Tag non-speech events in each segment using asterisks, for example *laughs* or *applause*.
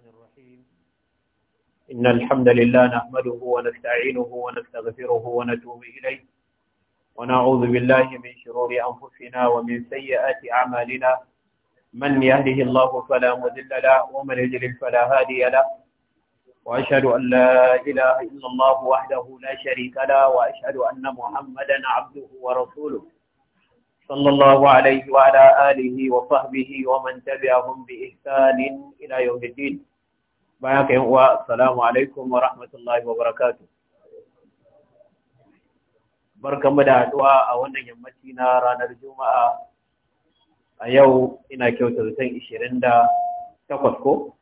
الرحمن الرحيم إن الحمد لله نحمده ونستعينه ونستغفره ونتوب إليه ونعوذ بالله من شرور أنفسنا ومن سيئات أعمالنا من يهده الله فلا مذل له ومن يجلل فلا هادي له وأشهد أن لا إله إلا الله وحده لا شريك له وأشهد أن محمدا عبده ورسوله صلى الله عليه وعلى آله وصحبه ومن تبعهم بإحسان إلى يوم الدين bayan ka yin uwa salamu alaikum wa rahmatullahi wa barakatuh barkamu da haduwa a wannan yammaci na ranar juma'a a yau ina kyauta zaton 28 ko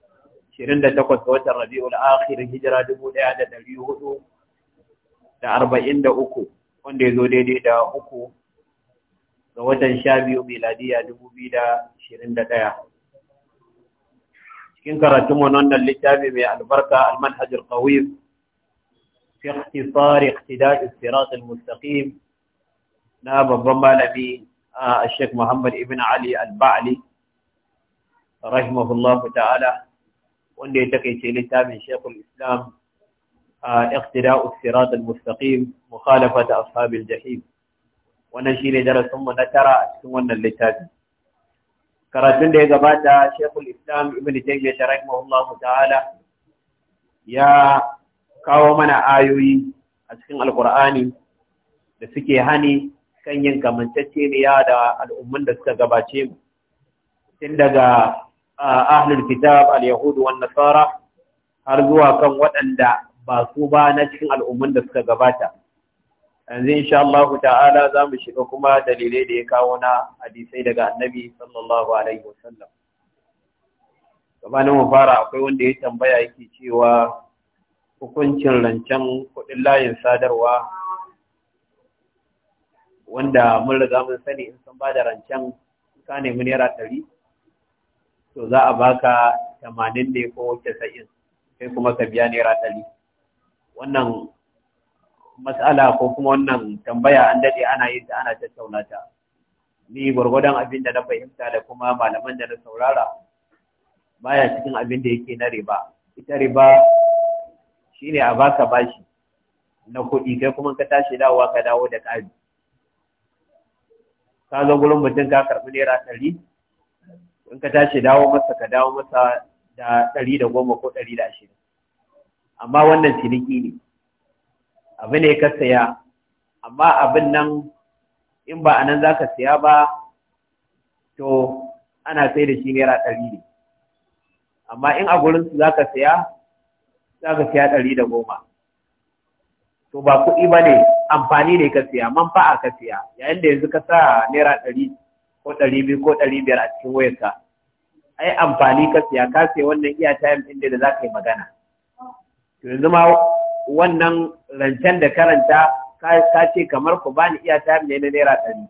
28 ga watan rabi'ul akhir hijira 1443 wanda ya zo daidai da uku ga watan sha biyu miladiya 2021 cikin karatun wannan littafi mai albarka al-manhaj al-qawi fi ikhtisar iqtida' as-sirat al-mustaqim na babban malami Sheikh Muhammad ibn Ali al-Ba'li rahimahullahu ta'ala wanda ya takeice littafin Sheikhul Islam اقتداء الصراط المستقيم مخالفة أصحاب الجحيم wannan shine darasin mu na tara a cikin wannan littafi karatun da ya gabata shekul islam ibn taymiyyah rahimahullahu ta'ala ya kawo mana ayoyi a cikin alkur'ani da suke hani kan yin kamanceceniya da al'umman da suka gabace mu tun daga ahlul kitab al-yahudu wan nasara har zuwa kan waɗanda ba su ba na cikin al'umman da suka gabata yanzu insha Allah ta'ala za mu shiga kuma dalilai da ya kawo na hadisai daga annabi sallallahu alaihi wasallam mu fara akwai wanda ya tambaya yake cewa hukuncin rancen kuɗin layin sadarwa wanda mun riga mun sani in sun bada rancen ka nemi naira ɗari to za a baka tamanin ne ko casa'in sai kuma ka biya naira ɗari wannan matsala ko kuma wannan tambaya an daɗe ana yin ta ana tattauna ta ni gwargwadon abin da na fahimta da kuma malaman da na saurara baya cikin abin da yake na riba ita riba shine a baka bashi na kuɗi kai kuma ka tashi dawowa ka dawo da ƙari ka zo gurin mutum ka karɓi naira ɗari in ka tashi dawo masa ka dawo masa da ɗari da goma ko ɗari da ashirin amma wannan ciniki ne abu ne ka saya amma abin nan in ba a nan za ka saya ba to ana sai da shi naira ɗari ne amma in a gurinsu za ka saya za ka saya ɗari da goma to ba kuɗi ba ne amfani ne ka saya manfa'a ka saya yayin da yanzu ka sa naira ɗari ko ɗari biyu ko ɗari biyar a cikin wayarka ai amfani ka siya ka sai wannan iya time ɗin da za ka yi magana to yanzu ma wannan rancen da karanta ka ce kamar ku bani iya tayar ne na naira ɗari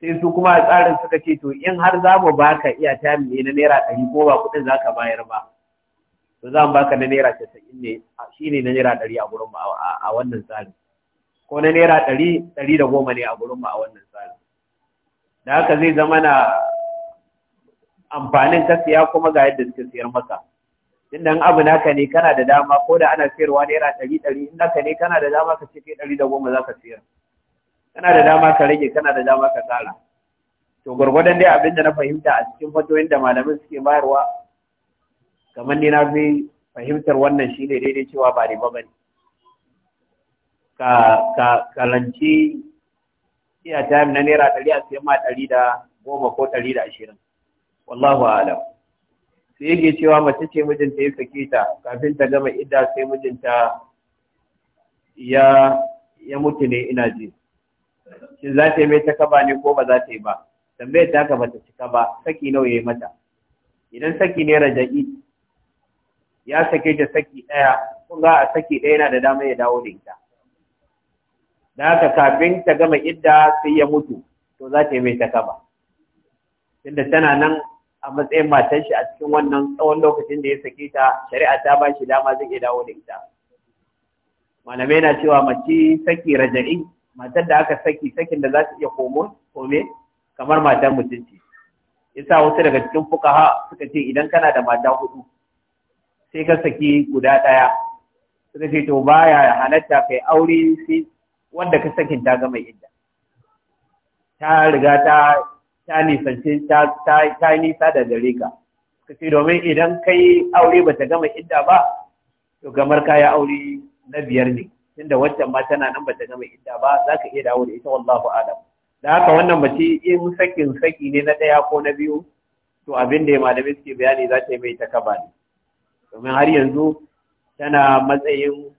sai su kuma a tsarin suka ce to in har za mu baka iya tayar ne na naira ɗari ko ba kuɗin za ka bayar ba to za mu baka na naira casa'in ne shi ne na naira ɗari a gurin a wannan tsarin ko na naira ɗari ɗari da goma ne a gurin a wannan tsarin da haka zai zama na amfanin ka siya kuma ga yadda suka siyar maka tun abu naka ne kana da dama ko da ana sayarwa naira ɗari ɗari in naka ne kana da dama ka ce ɗari da goma za ka sayar kana da dama ka rage kana da dama ka tsara to gwargwadon dai abin da na fahimta a cikin fatoyin da malamin suke bayarwa kamar ni na fi fahimtar wannan shine daidai cewa ba riba ba ne ka ka kalanci iya time na naira ɗari a sayan ma ɗari da goma ko ɗari da ashirin wallahu a'lam su yake cewa mace ce mijinta ya sake ta kafin ta gama idda sai mijinta ya ya mutu ne ina ji shin za ta yi mai ta kaba ne ko ba za ta yi ba tambayar ta ka bata cika ba saki nawa ya yi mata idan saki ne raja'i ya sake ta saki ɗaya kun ga a saki ɗaya yana da dama ya dawo da ita da haka kafin ta gama idda sai ya mutu to za ta yi mai takaba tunda tana nan a matsayin matan shi a cikin wannan tsawon lokacin da ya sake ta shari'a ta ba shi dama zai iya dawo da ita malamai na cewa mace saki raja'i matar da aka saki sakin da za ta iya komo kome kamar matan mutunci yasa wasu daga cikin fukaha suka ce idan kana da mata hudu sai ka saki guda ɗaya suka ce to baya halatta kai aure sai wanda ka sakin ta gama idda ta riga ta ta nisance ta nisa da gare ka kace domin idan kai aure bata gama idda ba to kamar kaya aure na biyar ne tunda wancan ma tana nan bata gama idda ba zaka iya dawo da ita wallahu alam da haka wannan mace in sakin saki ne na ɗaya ko na biyu to abin da malamai suke bayani za ta yi mai takaba ne domin har yanzu tana matsayin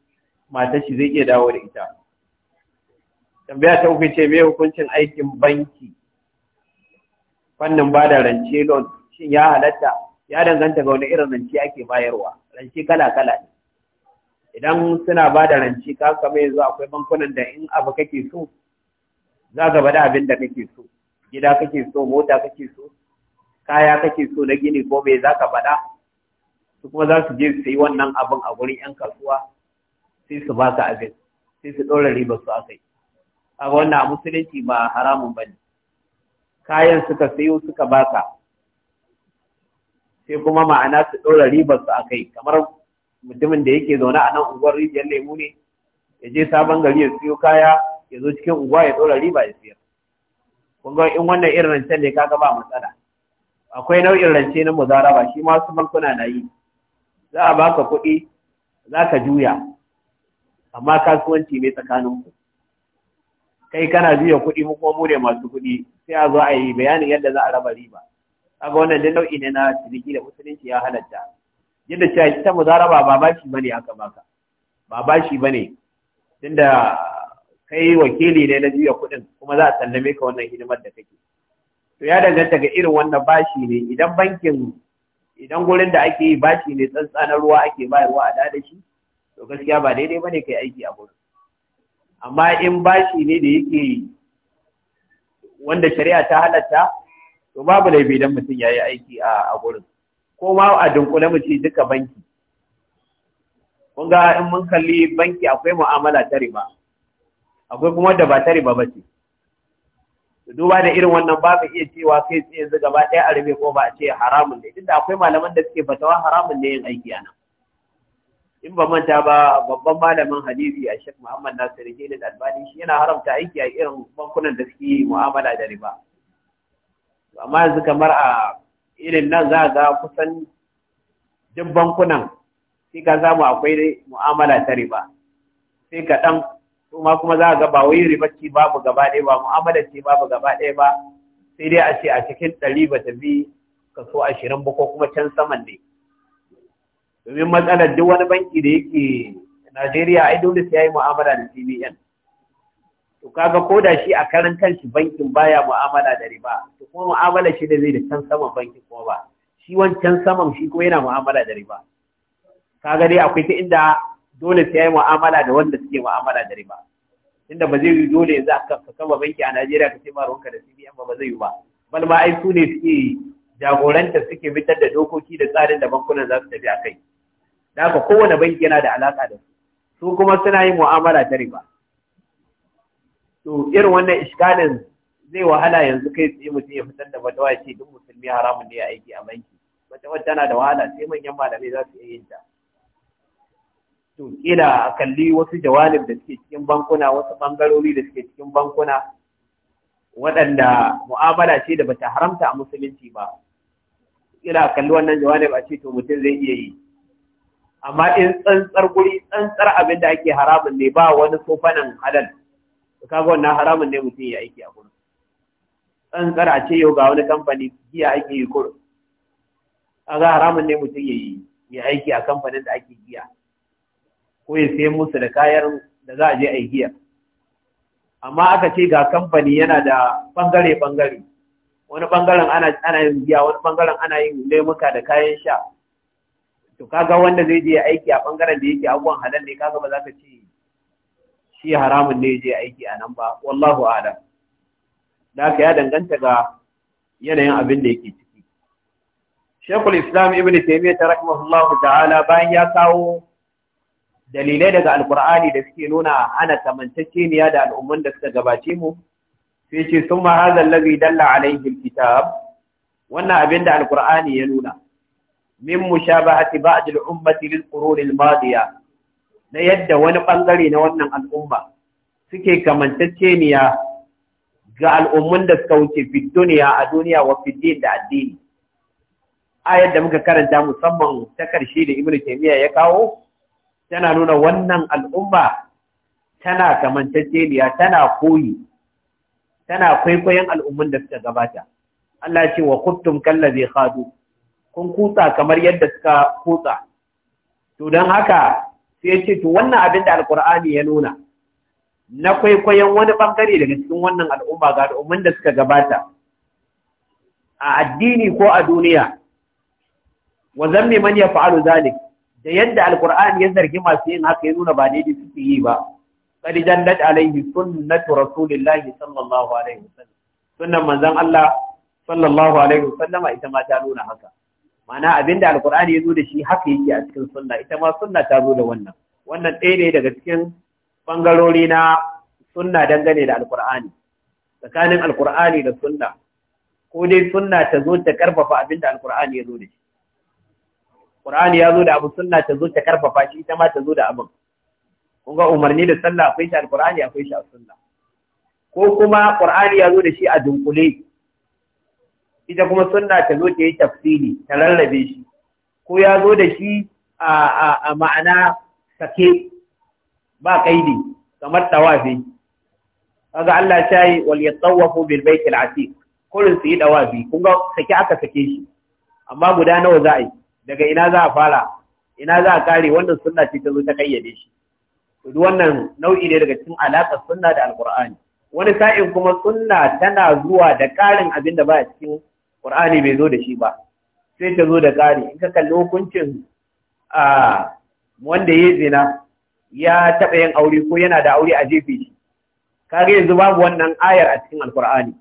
matar zai iya dawo da ita tambaya ta uku ce me hukuncin aikin banki fannin ba da rance loan shin ya halatta ya danganta ga wani irin rance ake bayarwa rance kala-kala ne idan suna ba da rance ka kama yanzu akwai bankunan da in abu kake so za ka bada abin da kake so gida kake so mota kake so kaya kake so na gini ko mai za ka bada su kuma za su je su yi wannan abin a wurin 'yan kasuwa sai su baka abin sai su ɗora riba su aka yi a wannan a musulunci ba haramun ba ne kayan suka sayo suka baka sai kuma ma'ana su ɗora ribar a kai kamar mutumin da yake zaune a nan unguwar rijiyar lemu ne ya je sabon gari ya siyo kaya ya zo cikin unguwa ya ɗora riba ya siyar kun in wannan irin rancen ne kaga ba matsala akwai nau'in rance na muzaraba shi ma su bankuna na yi za a baka kuɗi za ka juya amma kasuwanci ne tsakaninku kai kana biyan kuɗi mu kuma mu ne masu kuɗi sai a zo a yi bayanin yadda za a raba riba kaga wannan duk nau'i ne na ciniki da musulunci ya halatta yadda cewa ita muzaraba ba bashi bane aka baka ba bashi bane tunda kai wakili ne na juya kuɗin kuma za a sallame ka wannan hidimar da kake to ya danganta ga irin wannan bashi ne idan bankin idan gurin da ake yi bashi ne tsantsanar ruwa ake bayarwa a da shi to gaskiya ba daidai bane kai aiki a gurin amma in bashi ne da yake wanda shari'a ta halatta to babu laifi idan mutum ya yi aiki a gurin ko ma a dunkule mu ci duka banki kun ga in mun kalli banki akwai mu'amala ta riba akwai kuma da ba ta riba ba ce duba da irin wannan babu iya cewa kai tsaye yanzu gaba ɗaya a rufe ko ba a ce haramun ne duk akwai malaman da suke fatawa haramun ne yin aiki a nan in ba manta ba babban malamin hadisi a Sheikh Muhammad Nasir al Albani shi yana haramta aiki a irin bankunan da suke mu'amala da riba amma yanzu kamar a irin nan za ga kusan duk bankunan sai ka samu akwai mu'amala ta riba sai ka dan kuma kuma za ga ba wai riba ce babu gaba ɗaya ba mu'amala ce babu gaba ɗaya ba sai dai a ce a cikin ɗari ba ta bi kaso ashirin ba ko kuma can saman ne domin matsalar duk wani banki da yake Najeriya ai dole sai yayi mu'amala da CBN to kaga ko da shi a karan kanshi bankin baya mu'amala da riba to kuma mu'amala shi da zai da can saman bankin kuma ba shi wancan saman shi kuma yana mu'amala da riba kaga dai akwai ta inda dole sai yayi mu'amala da wanda suke mu'amala da riba inda ba zai yi dole yanzu ka kama banki a Najeriya ka ce ba ruwanka da CBN ba ba zai yi ba Balma ai su ne suke jagoranta suke fitar da dokoki da tsarin da bankunan za su tafi a kai da haka kowane banki yana da alaƙa da su su kuma suna yin mu'amala ta riba to irin wannan iskalin zai wahala yanzu kai tsaye mutum ya fitar da fatawa ya ce duk musulmi haramun ne ya aiki a banki wata wata tana da wahala sai manyan malamai za su iya yin ta to kila a kalli wasu jawalib da suke cikin bankuna wasu ɓangarori da suke cikin bankuna waɗanda mu'amala ce da bata haramta a musulunci ba ina kalli wannan jawabin ba ce to mutum zai iya yi amma in tsantsar guri tsantsar abin da ake haramun ne ba wani sofanan halal kaga wannan haramun ne mutum ya aiki a gurin tsantsar a ce yau ga wani kamfani giya ake yi A kaga haramun ne mutum ya yi ya aiki a kamfanin da ake giya ko ya sayi musu da kayan da za a je a yi giya amma aka ce ga kamfani yana da bangare bangare wani bangaren ana yin giya wani bangaren ana yin lemuka da kayan sha to kaga wanda zai je aiki a bangaren da yake abubuwan halal ne kaga ba za ka ce shi haramun ne je aiki a nan ba wallahu a'lam da ka ya danganta ga yanayin abin da yake ciki Sheikhul Islam Ibn ta rahimahullahu ta'ala bayan ya kawo dalilai daga alkur'ani da suke nuna ana kamanceceniya da al'umman da suka gabace mu sai ce sun ma hazan lazi dalla kitab wannan abin da alkur'ani ya nuna min mushabahati ba'd ummati lil qurun al-madiya na yadda wani bangare na wannan al'umma suke kamantacceniya ga al'ummun da suka wuce fi duniya a duniya wa fi din da addini ayar da muka karanta musamman ta karshe da ibnu taymiya ya kawo tana nuna wannan al'umma tana kamanceceniya tana koyi tana kwaikwayon al'ummun da suka gabata Allah ce wa kuttum zai haɗu. kun kutsa kamar yadda suka kutsa to don haka sai ce to wannan abin da alkur'ani ya nuna na kwaikwayon wani ɓangare daga cikin wannan al'umma ga al'ummun da suka gabata a addini ko a duniya wa zan mai man fa'alu zalik da yadda alƙur'ani ya zargi masu yin haka ya nuna ba daidai suke yi ba Kadija na alaihi sun natu Rasulillah, sallallahu alaihi wa sallama. manzan Allah, sallallahu alaihi wa sallama. Itama ta nuna haka. Ma'ana abinda Al-ƙur'ani da shi haka yake a cikin sunna. Itama sunna ta zo da wannan. Wannan daidai daga cikin bangarori sun na dangane da Al-ƙur'ani. Tsakanin al da sunna. Ko dai sun ta zo ta ƙarfafa abinda Al-ƙur'ani ya zo dashi. al da abu sun ta zo ta ƙarfafa. Itama ta zo da abun. kun ga umarni da sallah akwai shi alqur'ani akwai shi a sunna ko kuma qur'ani ya zo da shi a dunkule ita kuma sunna ta zo ta yi tafsiri ta rarrabe shi ko ya zo da shi a ma'ana sake ba kaidi kamar tawafi kaga Allah ya yi wal yatawafu bil bayt al atiq kullu su yi dawafi kun ga sake aka sake shi amma guda nawa za yi daga ina za a fara ina za kare wannan sunna ce ta zo ta kayyade shi wannan nau'i ne daga cikin alaƙa sunna da alƙur'ani wani sa'in kuma sunna tana zuwa da ƙarin abin da ba a cikin ƙur'ani bai zo da shi ba sai ta zo da ƙari in ka kalli hukuncin a wanda ya zina ya taɓa yin aure ko yana da aure a jefe shi kaga yanzu babu wannan ayar a cikin alƙur'ani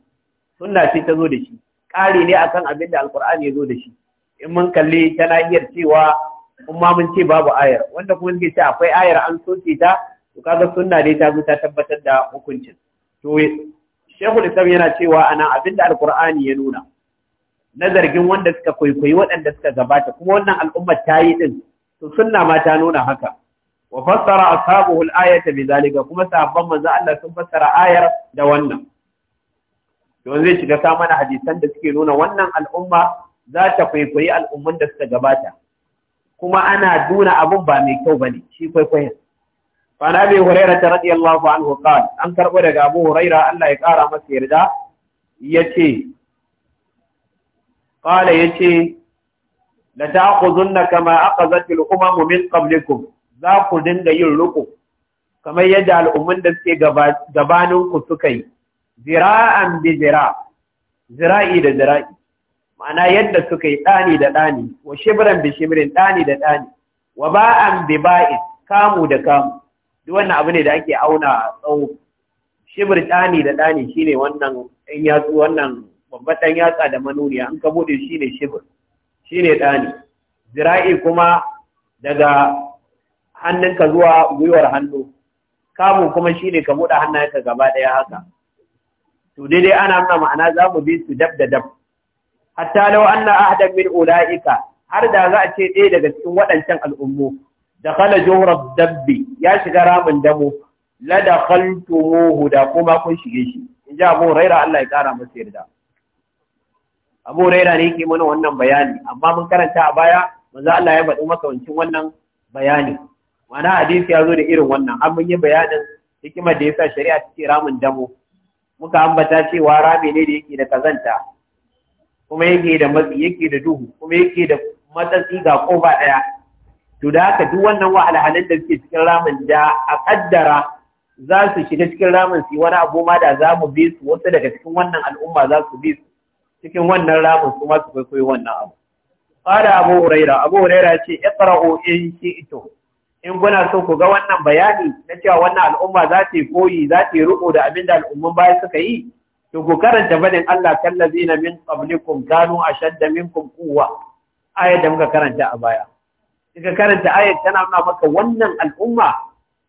sunna ce ta zo da shi ƙari ne akan abin da alƙur'ani ya zo da shi in mun kalli ta iya cewa ma mun ce babu ayar wanda kuma suke ce akwai ayar an soke ta to kaga sunna dai ta zo ta tabbatar da hukuncin to Shehu da yana cewa ana abinda alqur'ani ya nuna na zargin wanda suka kwaikwayi waɗanda suka gabata kuma wannan al'umma ta yi din to sunna ma ta nuna haka wa fassara ashabuhu al-ayata bidhalika kuma sahabban manzo Allah sun fassara ayar da wannan don zai shiga samana hadisan da suke nuna wannan al'umma za ta kwaikwayi al'umman da suka gabata kuma ana duna abun ba mai kyau bane shi kwaikwai fana abi huraira ta radiyallahu anhu qal an karbo daga abu huraira Allah ya kara masa yarda yace qala yace la ta'khudunna kama aqazat al-umam min qablikum za ku dinga yin ruku kamar yadda al'umman da suke gabaninku suka yi zira'an bi zira zira'i da zira'i ma'ana yadda suka yi ɗani da ɗani wa shibiran bi shibirin ɗani da ɗani wa ba'an bi ba'in kamu da kamu duk wannan abu ne da ake auna a tsawo shibir ɗani da ɗani ne wannan ɗan yatsu wannan babban ɗan yatsa da manuniya an ka buɗe shine shibir Shi ne ɗani zira'i kuma daga hannunka zuwa gwiwar hannu kamu kuma shi ne ka buɗe hannayenka gaba ɗaya haka to daidai ana nuna ma'ana za mu bi su dab da dab hatta law anna ahadan min ulaika har da za a ce ɗaya daga cikin waɗancan al'ummu da kala jawrab dabbi ya shiga ramin damo la dakhaltumuhu da kuma kun shige shi in ji Abu raira Allah ya kara masa yarda Abu raira ne yake mana wannan bayani amma mun karanta a baya manzo Allah ya faɗi wancin wannan bayani Mana hadisi ya zo da irin wannan an mun yi bayanin hikimar da yasa shari'a take ramin damo muka ambata cewa rami ne da yake da kazanta kuma yake da matsi yake da duhu kuma yake da matsatsi ga kofa ɗaya to da haka duk wannan wahalhalun da suke cikin ramin da a kaddara za su shiga cikin ramin su wani abu ma da za mu bi su wasu daga cikin wannan al'umma za su bi su cikin wannan ramin su ma su kwaikwayo wannan abu qala abu huraira abu huraira ce iqra'u in shi'tum in kuna so ku ga wannan bayani na cewa wannan al'umma za ta koyi za ta riko da abin da al'umman baya suka yi to ku karanta fadin Allah kallazina min qablikum kanu ashadda minkum quwwa ayat da muka karanta a baya kika karanta ayat tana nuna maka wannan al'umma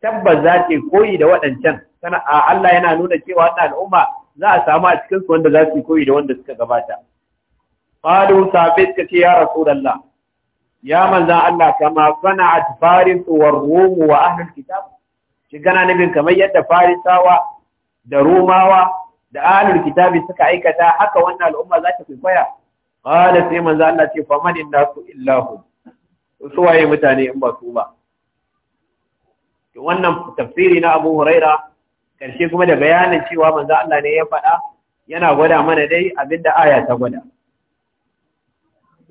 tabbas za ta koyi da waɗancan tana Allah yana nuna cewa wannan al'umma za a samu a cikin su wanda za su koyi da wanda suka gabata qalu sabit kace ya rasulullah ya manzan Allah kama sana'at faris wa Rumu wa ahlul kitab shi gana nabin kamar yadda farisawa da Rumawa? da ahlul kitabi suka aikata haka wannan al'umma za ta kwaikwaya qala sai manzo Allah ce fa man illahu su waye mutane in ba su ba wannan tafsiri na Abu Huraira karshe kuma da bayanin cewa manzo Allah ne ya faɗa yana gwada mana dai abinda aya ta gwada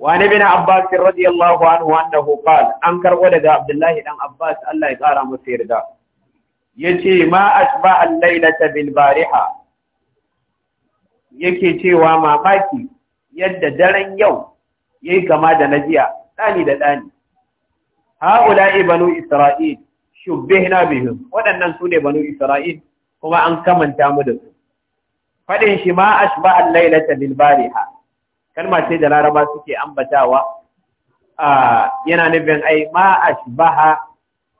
وعن ابن عباس رضي الله An أنه daga Abdullahi ولد Abbas Allah ya عباس الله yarda. Ya ce يجي ما lailata bil بالبارحة yake cewa mamaki yadda daren yau ya yi kama da na jiya ɗani da ɗani haula'i banu isra'il na bihin, waɗannan su ne banu isra'il kuma an kamanta mu da su faɗin shi ma shi ba’an lailata ha, kalma ce da laraba suke ambatawa yana nufin ai ma ashbaha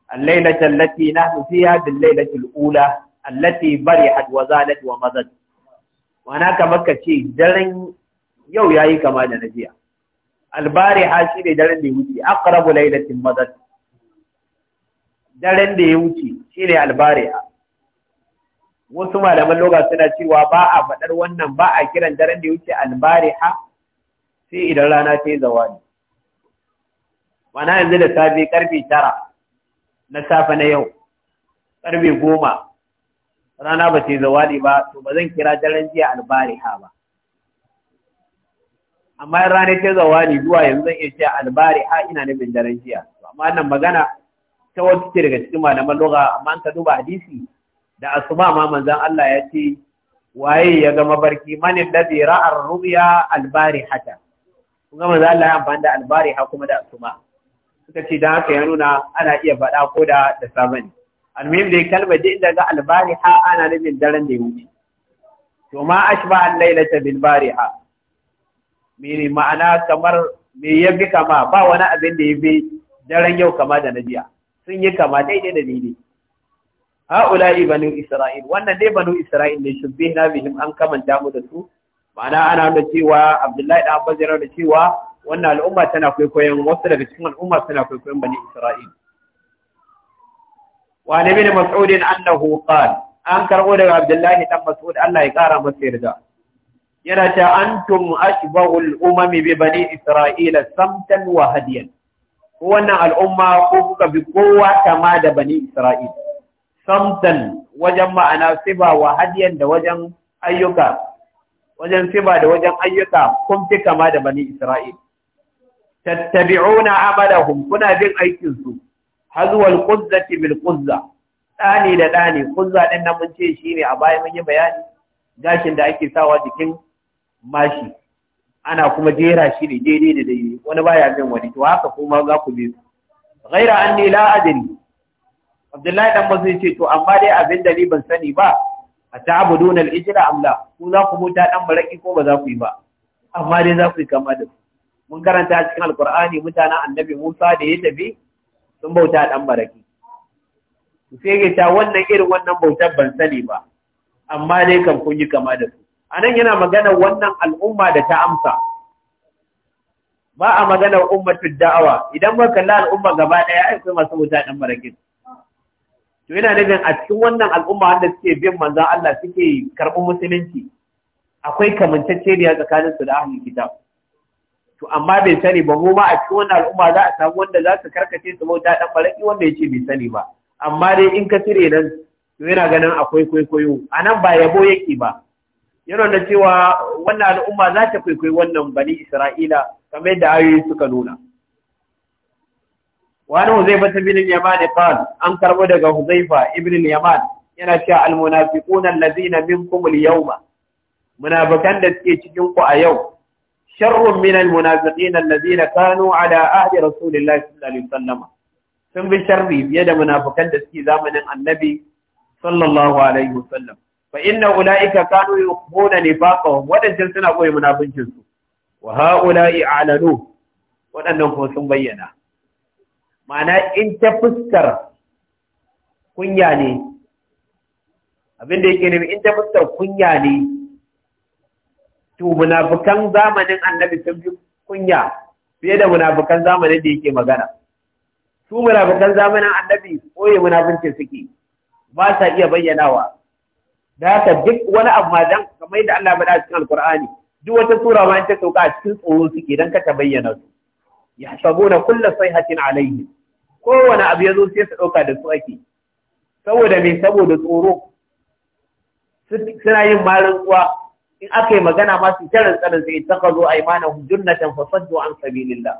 al-lailata lati na fiha bin lailati ula allati barihat wa zalat wa madat Wana kamar ka ce daren yau ya yi kama da na jiya albari ha shi ne daren da ya wuce na lailatin madad daren da ya wuce shi ne albari ha wasu malaman loga suna cewa ba a faɗar wannan ba a kiran daren da ya wuce albari ha sai idan rana ta yi zawani mana yanzu da safe karfe tara na safe na yau karfe goma rana ba ce zawadi ba to ba zan kira daren jiya albariha ba amma in rana ce zawadi zuwa yanzu zan iya cewa albariha ina nufin daren jiya amma wannan magana ta wata ce daga cikin malaman lugha amma ka duba hadisi da asuba ma manzan Allah ya ce waye ya gama barki manin da ra'a ar rubiya al-barihata kuma za Allah ya amfani da albariha ha kuma da asuma. suka ce dan haka ya nuna ana iya faɗa ko da da sabani almuhim dai kalma duk inda ga albariha ana nufin daren da ya wuce to ma ashba an lailata bil bariha mene ma'ana kamar me ya bi kama ba wani abin da ya bi daren yau kama da na jiya sun yi kama daidai da daidai ha'ula'i banu isra'il wannan dai banu isra'il ne shubbi na bihim an kamanta mu da su ma'ana ana nuna cewa abdullahi da abbas da cewa wannan al'umma tana kwaikwayon wasu daga cikin al'umma suna kwaikwayon bani isra'il wa nabi ne mas'udin annahu qala an karbo daga abdullahi dan mas'ud Allah ya kara masa yarda yana ta antum ashbahul umami bi bani isra'ila samtan wa hadiyan wannan al'umma ko kuka bi kowa kama da bani isra'ila samtan wajen ma'ana siba wa hadiyan da wajen ayyuka wajen siba da wajen ayyuka kun fi kama da bani isra'ila tattabi'una amalahum kuna bin aikin su hazuwal quzzati bil kuzza ɗani da ɗani kuzza din nan mun ce shi ne a baya mun yi bayani gashin da ake sawa jikin mashi ana kuma jera shi ne daidai da daidai wani baya bin wani to haka kuma za ku bi ghaira anni la adri abdullahi dan masu ce to amma dai abin da ni ban sani ba a ta'budun al ijra am la ku za ku muta dan maraki ko ba za ku yi ba amma dai za ku yi kama da mun karanta cikin alqur'ani mutanen annabi Musa da ya tafi sun bauta ɗan baraki sai ga ta wannan irin wannan bautar ban sani ba amma dai kan kun yi kama da su A nan yana magana wannan al'umma da ta amsa ba a magana ummatul da'awa idan ba kalla al'umma gaba ɗaya ai kai masu bauta ɗan baraki to yana nufin a cikin wannan al'umma wanda suke bin manzon Allah suke karɓar musulunci akwai kamanceceniya tsakanin su da ahlul kitab to amma bai sani ba mu ma a cikin wannan al'umma za a samu wanda za su karkace su bauta dan baraki wanda ya ce bai sani ba amma dai in ka cire nan to yana ganin akwai kwaikwayo a nan ba yabo yake ba yana da cewa wannan al'umma za ta kwaikwayi wannan bani isra'ila kamar yadda ayoyi suka nuna wani huzaifa ta bin yaman qal an karbo daga huzaifa ibn yaman yana cewa almunafiquna allazina minkum al-yawma munafikan da suke cikin ku a yau sharrun min almunafiqin alladhina kanu ala ahdi rasulillahi sallallahu alaihi wasallam sun bi sharri fiye da munafikan da suke zamanin annabi sallallahu alaihi wasallam fa inna ulaika kanu yukhuna nifaqahum wadannan suna koyi munafincin su wa haula'i a'lanu wadannan ko sun bayyana ma'ana in ta fuskar kunya ne Abin abinda yake nufi in ta fuskar kunya ne to munafukan zamanin annabi sun fi kunya fiye da munafukan zamanin da yake magana su munafukan zamanin annabi koye munafunce suke ba sa iya bayyanawa da haka duk wani abu dan kamar yadda Allah bada cikin alkur'ani duk wata sura ma ta sauka a cikin tsoro suke dan ka ta bayyana su yahsabuna kulla sayhatin alaihim kowane abu ya zo sai su ɗauka da su ake saboda me saboda tsoro suna yin marin tsuwa in aka yi magana ma su tarin tsarin sai ta kazo a imanahum junnatan fasaddu an sabilillah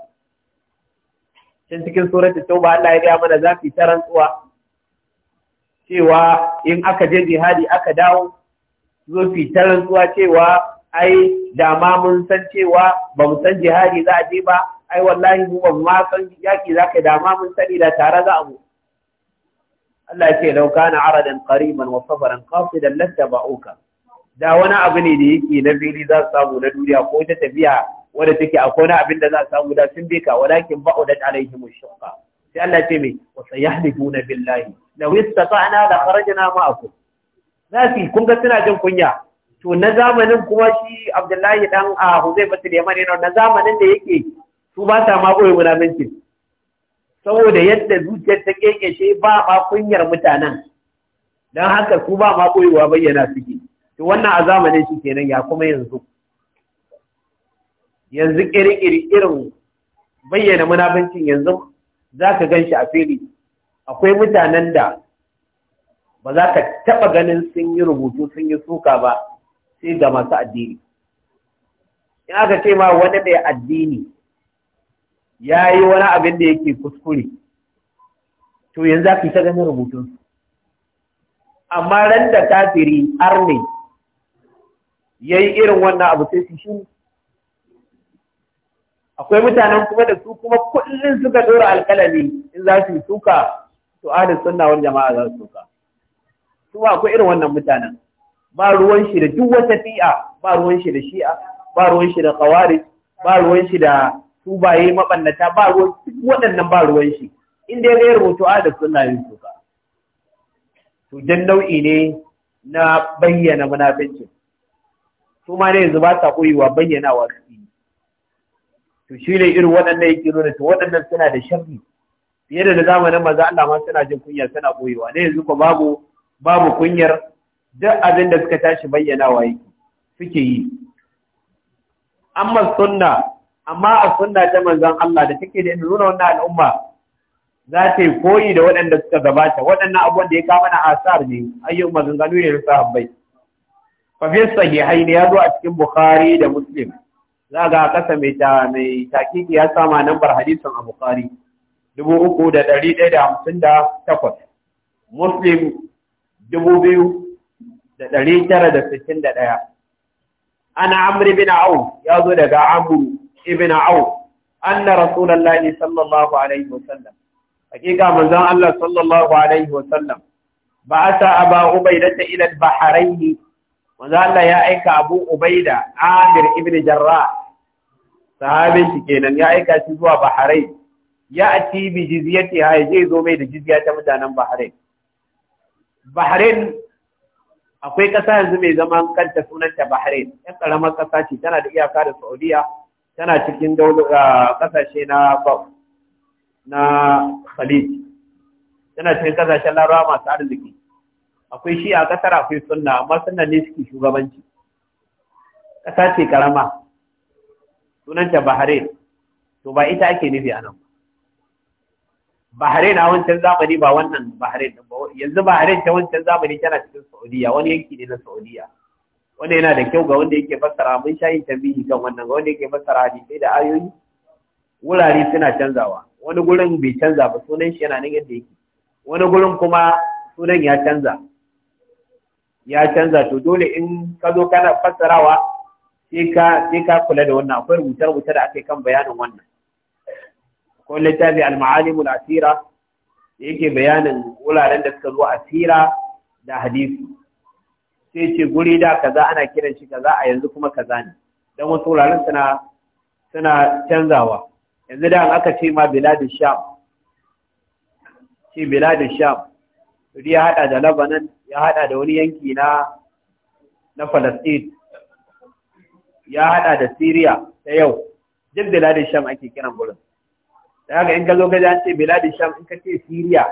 can cikin suratul tauba Allah ya gaya mana za su tsuwa cewa in aka je jihadi aka dawo zo su tarin tsuwa cewa ai da ma mun san cewa ba mu san jihadi za a je ba ai wallahi mu ba ma san yaki za ka da ma mun sani da tare za a mu Allah ya ce law kana aradan qariban wa safaran qasidan lattaba'uka da wani abu ne da yake na fili za su samu na duniya ko ta tafiya wadda take akwai wani abin da za su samu da sun beka walakin ba'udat alaihim shaqqa sai Allah ce mai wa sayahlifuna billahi law istata'na la kharajna ma'akum zafi kun ga suna jin kunya to na zamanin kuma shi Abdullahi dan a Huzaifa Sulaiman yana na zamanin da yake su ba sa ma goyi munafincin saboda yadda zuciyar ta kekeshe ba ma kunyar mutanen don haka su ba ma wa bayyana suke to wannan a zamanin shi kenan ya kuma yanzu yanzu iri-iri irin bayyana munafincin yanzu za ka gan shi a fili akwai mutanen da ba za ka taɓa ganin sun yi rubutu sun yi suka ba sai ga masu addini in aka ce ma wani mai addini ya yi wani abin da yake kuskure to yanzu za ka yi ta ganin rubutunsu amma ran da kafiri arne Ya yi irin wannan abu sai su shi akwai mutanen kuma da su kuma kullum suka dora alkalami in za su yi suka to ahlus sunna wani jama'a za su suka su ba akwai irin wannan mutanen ba ruwan shi da duk wata fi'a ba ruwan shi da shi'a ba ruwan shi da kawari ba ruwan shi da tubaye mabannata ba ruwan waɗannan ba ruwan shi inda ya rubutu ahlus suna yin suka to dan nau'i ne na bayyana munafincin su ma ne yanzu ba sa koyewa bayyanawa su to shi ne irin waɗannan yake nuna to waɗannan suna da sharri fiye da zamanin maza Allah ma suna jin kunya, suna koyewa ne yanzu ko babu babu kunyar duk abin da suka tashi bayyanawa yake suke yi amma sunna amma a sunna ta manzon Allah da take da nuna wannan al'umma za ta yi koyi da waɗanda suka gabata waɗannan abubuwan da ya kama na asar ne ayyukan maganganu ne sahabbai fa Sahi Haini ya zo a cikin bukhari da muslim za ga kasa mai ta mai takiki ya sama nambar hadisun a bukhari 3158 muslim 2961 ana amri bin au ya zo daga amru ibn au anna rasulullahi sallallahu alaihi wasallam hakika manzan Allah sallallahu alaihi wasallam ba'ata aba ubaidata ila al-bahrain manzo ya aika Abu Ubaida Amir ibn Jarra sahabin shi kenan ya aika shi zuwa Bahrain ya ati bi jizyati ha zai zo mai da jiziya ta mutanen Bahrain Bahrain akwai ƙasa yanzu mai zaman kanta sunanta Bahrain ɗan ƙaramar kasa ce tana da iyaka da Saudiya tana cikin ah, ƙasashe na na Khalid tana cikin ƙasashen Larawa masu arziki akwai shi a ƙasar akwai sunna amma sunna ne suke shugabanci ƙasa ce ƙarama sunanta bahrain to ba ita ake nufi a nan ba bahrain a wancan zamani ba wannan bahrain ba yanzu bahrain ta wancan zamani tana cikin saudiya wani yanki ne na saudiya wanda yana da kyau ga wanda yake fassara mun sha yin tambihi kan wannan ga wanda yake fassara hadisai da ayoyi wurare suna canzawa wani gurin bai canza ba sunan shi yana nan yadda yake wani gurin kuma sunan ya canza ya canza to dole in ka zo kana fassarawa sai ka kula da wannan akwai rubuce rubuce da ake kan bayanin wannan ko littafi al-ma'alimul asira da yake bayanin wuraren da suka zo asira da hadisi sai ce guri da kaza ana kiran shi kaza a yanzu kuma kaza ne dan wasu wuraren suna suna canzawa yanzu da aka ce ma biladin sham ce biladin sham Suriya ya haɗa da Lebanon, ya haɗa da wani yanki na na Falasɗin, ya haɗa da Siriya ta yau, duk Biladin Sham ake kiran gurin. Da haka in ka zo gaji an ce Biladin Sham in ka ce Siriya,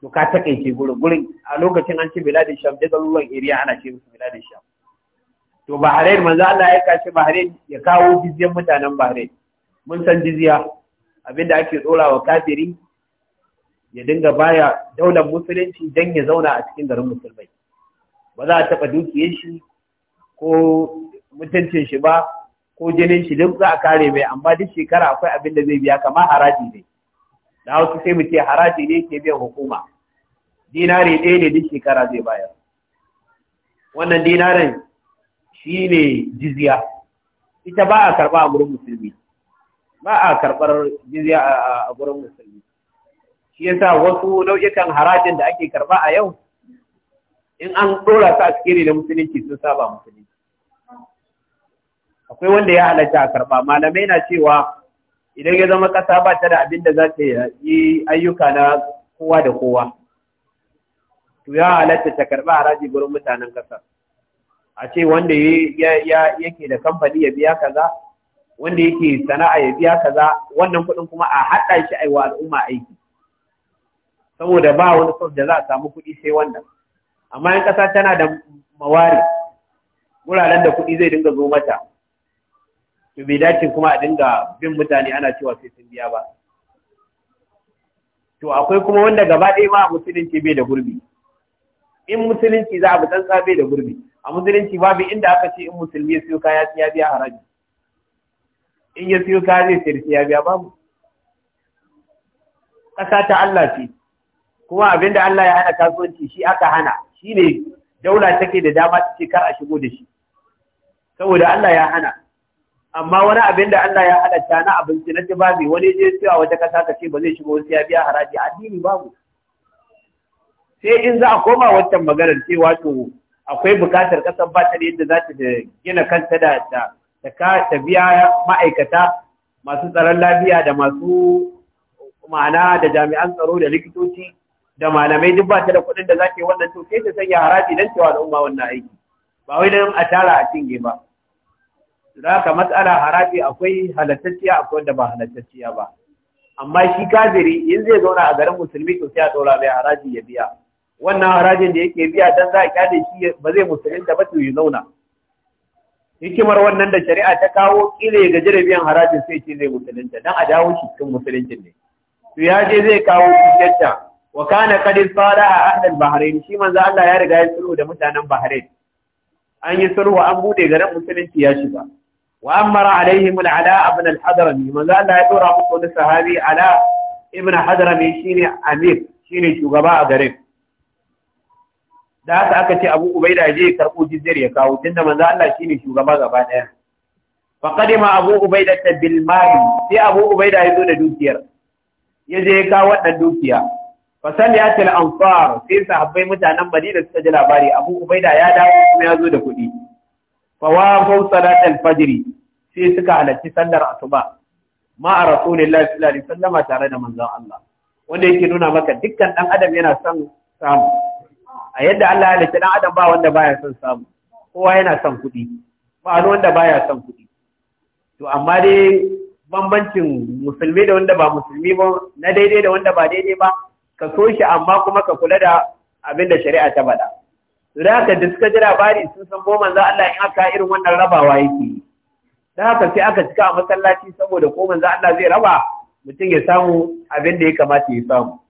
to ka taƙaice gurin gurin a lokacin an ce Biladin Sham duk garuruwan iriya ana ce musu Biladin Sham. To Bahrain manzo Allah ya kashe Bahrain ya kawo jizyar mutanen Bahrain. Mun san jizya abinda ake ɗora wa kafiri ya dinga baya daular musulunci don ya zauna a cikin garin musulmai ba za a taɓa dukiyar shi ko mutuncin shi ba ko jinin shi duk za a kare mai amma duk shekara akwai abin da zai biya Kama haraji ne da wasu sai mu ce haraji ne ke biyan hukuma dinari ɗaya ne duk shekara zai bayar wannan dinarin shi ne jizya ita ba a karɓa a gurin musulmi ba a karɓar jizya a gurin musulmi shi yasa wasu nau'ikan harajin da ake karba a yau in an dora su a cikin da musulunci sun saba musulunci akwai wanda ya halatta a karba malamai na cewa idan ya zama kasa ba ta da abin da za ta yi ayyuka na kowa da kowa to ya halatta ta karba haraji gurin mutanen kasa a ce wanda yake da kamfani ya biya kaza wanda yake sana'a ya biya kaza wannan kuɗin kuma a haɗa shi a al'umma aiki saboda ba wani source da za a samu kuɗi sai wannan amma yan ƙasa tana da mawari wuraren da kuɗi zai dinga zo mata to bai dace kuma a dinga bin mutane ana cewa sai sun biya ba to akwai kuma wanda gaba ɗaya ma musulunci bai da gurbi in musulunci za a bi tsantsa bai da gurbi a musulunci babu inda aka ce in musulmi ya siyo kaya ya biya haraji in ya siyo kaya zai sayar sai ya biya babu ƙasa ta Allah ce kuma abin da Allah ya hana kasuwanci shi aka hana shi ne daula take da dama ta ce kar a shigo da shi saboda Allah ya hana amma wani abin da Allah ya ta na abinci na tibabi wani je cewa wata kasa ta ce ba zai shigo sai ya biya haraji addini babu sai in za a koma wancan maganar ce wato akwai bukatar kasar ba ta da yadda za ta gina kanta da ta biya ma'aikata masu tsaron lafiya da masu ma'ana da jami'an tsaro da likitoci da malamai duk ba ta da kuɗin da za ke wannan to sai ta sanya haraji don cewa al'umma wannan aiki ba wai don a tara a cinge ba za ka matsala haraji akwai halattacciya akwai wanda ba halattacciya ba amma shi kafiri in zai zauna a garin musulmi to sai a ɗora mai haraji ya biya wannan harajin da yake biya dan za a kyale shi ba zai musulunta ba to ya zauna hikimar wannan da shari'a ta kawo kila ga jirabiyan harajin sai ce zai musulunta dan a dawo shi cikin musuluncin ne to ya je zai kawo kusurta wa kana qad a ahlul bahrain shi manzo Allah ya riga ya sulhu da mutanen bahrain an yi sulhu an bude garin musulunci ya shiga wa amara alaihim al ibn alhadrami manzo Allah ya dora muku da sahabi ala ibn hadrami shine amir shine shugaba a garin da haka aka ce Abu Ubaida je ya karbo jizyar ya kawo tunda manzo Allah shine shugaba gaba daya fa qadima Abu Ubaida bil mali sai Abu Ubaida ya zo da dukiyar ya je ya kawo wannan dukiya ya al-ansar sai sahabbai mutanen Madina suka ji labari Abu Ubaida ya dawo kuma ya zo da kuɗi fawa fau salat al-fajr sai suka halarci sallar asuba ma a rasulillahi sallallahu alaihi sallama tare da manzon Allah wanda yake nuna maka dukkan dan adam yana son samu a yadda Allah ya halitta dan adam ba wanda baya son samu kowa yana son kuɗi ba wanda baya son kuɗi to amma dai bambancin musulmi da wanda ba musulmi ba na daidai da wanda ba daidai ba ka so shi amma kuma ka kula da abin da shari'a ta faɗa Zuri da haka da suka ji labari sun san goma za Allah in aka irin wannan rabawa yake da haka sai aka cika a masallaci saboda ko manzo Allah zai raba mutum ya samu abin da ya kamata ya samu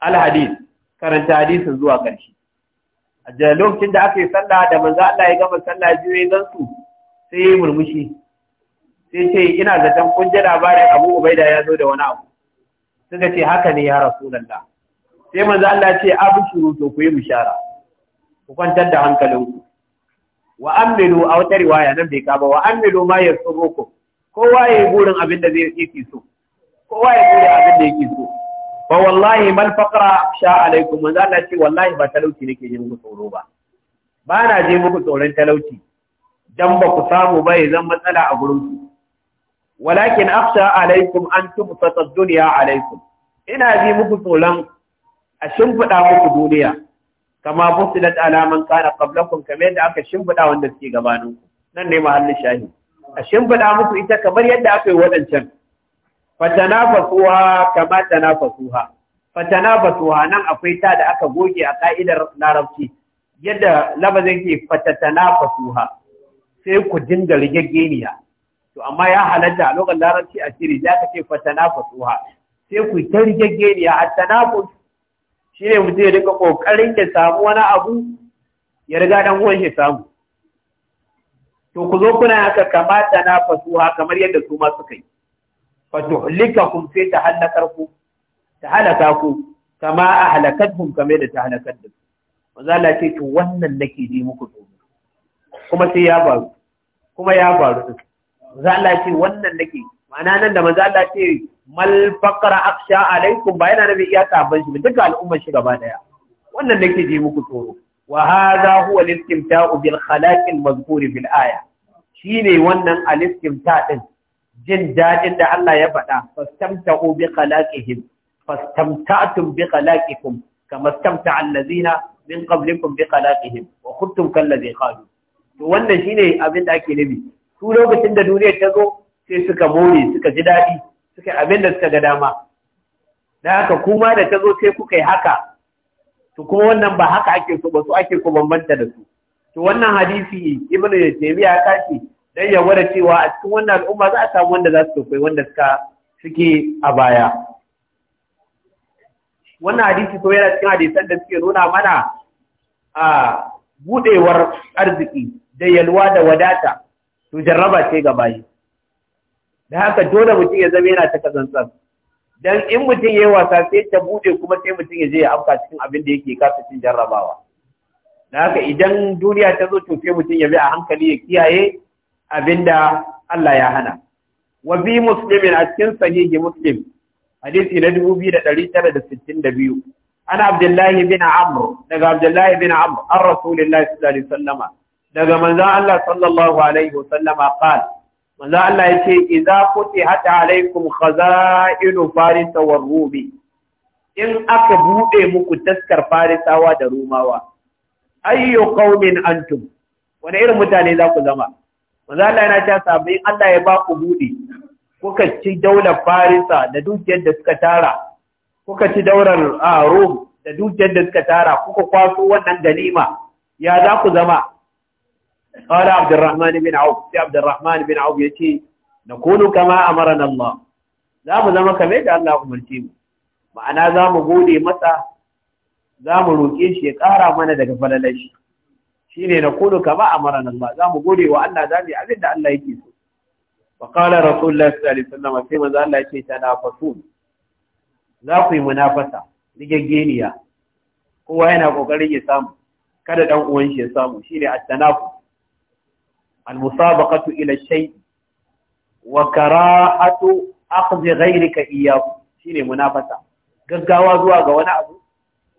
al karanta hadisin zuwa ƙarshe a lokacin da aka yi sallah da manzo Allah ya gama sallah biyu ya gansu sai ya yi murmushi sai ce ina zaton kun ji labarin Abu Ubaida ya zo da wani abu suka ce haka ne ya rasulullah sai manzo Allah ce shuru to ku yi bishara ku kwantar da hankalinku wa amilu a wata riwaya nan bai kaba wa amilu ma ku. kowa yi burin abin da zai yi so kowa ya burin abin da yake so fa wallahi mal faqra sha alaikum manzo Allah ce wallahi ba talauci nake yin muku tsoro ba ba na je muku tsoron talauci dan ba ku samu ba ya zan matsala a gurin ku walakin akhsha alaikum an tubsata ad-dunya alaikum ina ji muku tsoron a shimfiɗa muku duniya kama busilat alaman kana qablakum kamar yadda aka shimfiɗa wanda suke gabaninku nan ne mahallin shahi a shimfiɗa muku ita kamar yadda aka yi wadancan fatanafasuha kama tanafasuha fatanafasuha nan akwai ta da aka goge a ka'idar larabci yadda labazin ke fatatanafasuha sai ku dinga rigaggeniya to amma ya halatta a lokacin larabci a shiri za ka ce fatana fasuha sai ku ta rigegeniya a ku shi ne mutum ya rika kokarin ya samu wani abu ya riga dan uwan shi samu to ku zo kuna haka kamata na fasuha kamar yadda su ma suka yi fatuhlikakum sai ta halakar ku ta halaka ku kama ahlakatum kamar da ta halakar da su manzo Allah ce to wannan nake ji muku tsoro kuma sai ya faru kuma ya faru manzo Allah ce wannan nake ma'ana nan da manzo Allah ce mal faqara aksha alaikum ba yana nabi iya sahabban shi duka al'ummar shi gaba daya wannan nake ji muku tsoro wa hadha huwa al bil khalaq al-mazkur bil aya shine wannan al-istimta' din jin dadin da Allah ya faɗa fastamta'u bi khalaqihim fastamta'tum bi khalaqikum kama stamta'a allazina min qablikum bi khalaqihim wa kuntum kallazi qalu to wannan shine abin da ake nabi su lokacin da duniya ta zo sai suka more suka ji daɗi suka abin da suka ga dama da haka kuma da ta zo sai kuka yi haka to kuma wannan ba haka ake so ba su ake ko bambanta da su to wannan hadisi ibnu taymiya ya tashi dan ya gwada cewa a cikin wannan al'umma za a samu wanda za su koyi wanda suka suke a baya wannan hadisi to yana cikin hadisan da suke nuna mana a budewar arziki da yalwa da wadata to jarraba ce ga bayi da haka dole mutum ya zama yana ta kazantsar. dan in mutum yayi wasa sai ta bude kuma sai mutum ya je ya afka cikin abin da yake kasa cin jarrabawa da haka idan duniya ta zo to sai mutum ya bi a hankali ya kiyaye abinda Allah ya hana wa bi muslimin a cikin sahihi muslim hadisi na 2962 ana abdullahi bin amr daga abdullahi bin amr an rasulullahi sallallahu alaihi wasallama daga manzo Allah sallallahu alaihi wasallama qala manzo Allah yace idza futihat alaikum khaza'inu farisa wa rubi in aka bude muku taskar farisawa da rumawa ayyu qaumin antum wani irin mutane za ku zama manzo Allah yana cewa sabbin Allah ya ba ku bude kuka ci daular farisa da dukiyar da suka tara kuka ci daular ah, Rome da dukiyar da suka tara kuka kwaso wannan ganima ya za ku zama qala abdurrahman bin auf sai abdurrahman bin auf yace nakunu kama amarana Allah za mu zama kamar da Allah umarce mu ma'ana za mu gode masa za mu roƙe shi mana daga falalar shi shi ne na kudu kama a maran Allah za mu gode wa Allah za mu yi abin Allah yake so wa qala rasulullah sallallahu alaihi wasallam sai manzo Allah yake tanafasun za ku yi munafasa rigaggeniya kowa yana kokarin ya samu kada dan uwan shi ya samu shine at-tanafus al-musabaqatu ila shay wa kara'atu akhdh ghayrika Shi ne munafasa gaggawa zuwa ga wani abu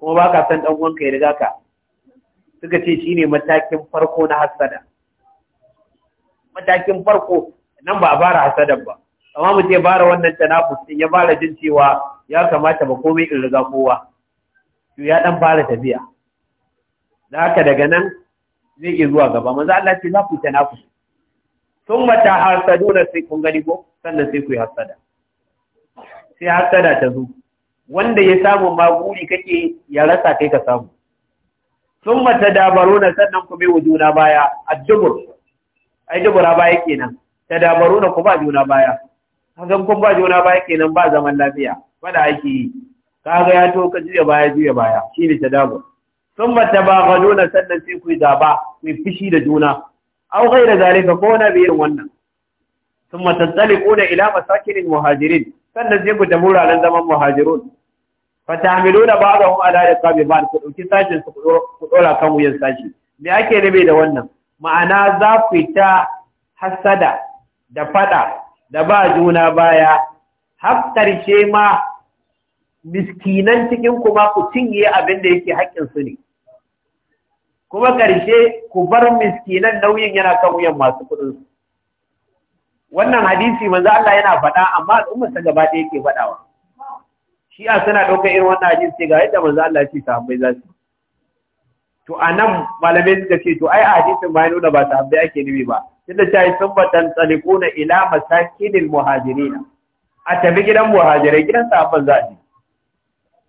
kuma ka san dan uwanka ya riga ka suka ce ne matakin farko na hasada matakin farko nan ba a fara hasadan ba amma mu ce bara wannan tanafus din ya fara jin cewa ya kamata ba komai in riga kowa ya dan fara tafiya da haka daga nan zai iya zuwa gaba manzo Allah ce za ku ta naku sun mata hasaduna sai kun gani ko sannan sai ku yi hasada sai hasada ta zo wanda ya samu maguri kake ya rasa kai ka samu sun mata dabaruna sannan ku bai wa juna baya a dubur ai dubura baya kenan ta dabaruna ku ba juna baya hakan kun ba juna baya kenan ba zaman lafiya wanda ake yi Ka ga ya to ka juya baya juya baya shine tadabur sun mata ba ga nuna sannan sai ku yi zaba mai fushi da juna an kai da zalika ko wani biyan wannan sun mata tsali kuna ila masakinin muhajirin sannan sai ku tafi wuraren zaman muhajirun fatahmiluna ba'dahum ala riqabi ba ku ɗauki sashin su ku ɗora kan wuyan sashi me ake nabe da wannan ma'ana za ku ta hasada da fada da ba juna baya har ma miskinan cikin kuma ku cinye abin da yake su ne kuma ƙarshe ku bar miskinan nauyin yana kan wuyan masu kuɗinsu wannan hadisi manzo Allah yana faɗa amma ta gaba ɗaya yake faɗawa shi'a suna ɗaukar irin wannan hadisi ga yadda manzo Allah ya ce sahabbai za su to a nan malamai suka ce to ai a hadisin ya nuna ba sahabbai ake nufi ba tunda ta yi sun batan tsalikuna ila masakinin muhajirina a tafi gidan muhajirai gidan sahabban za a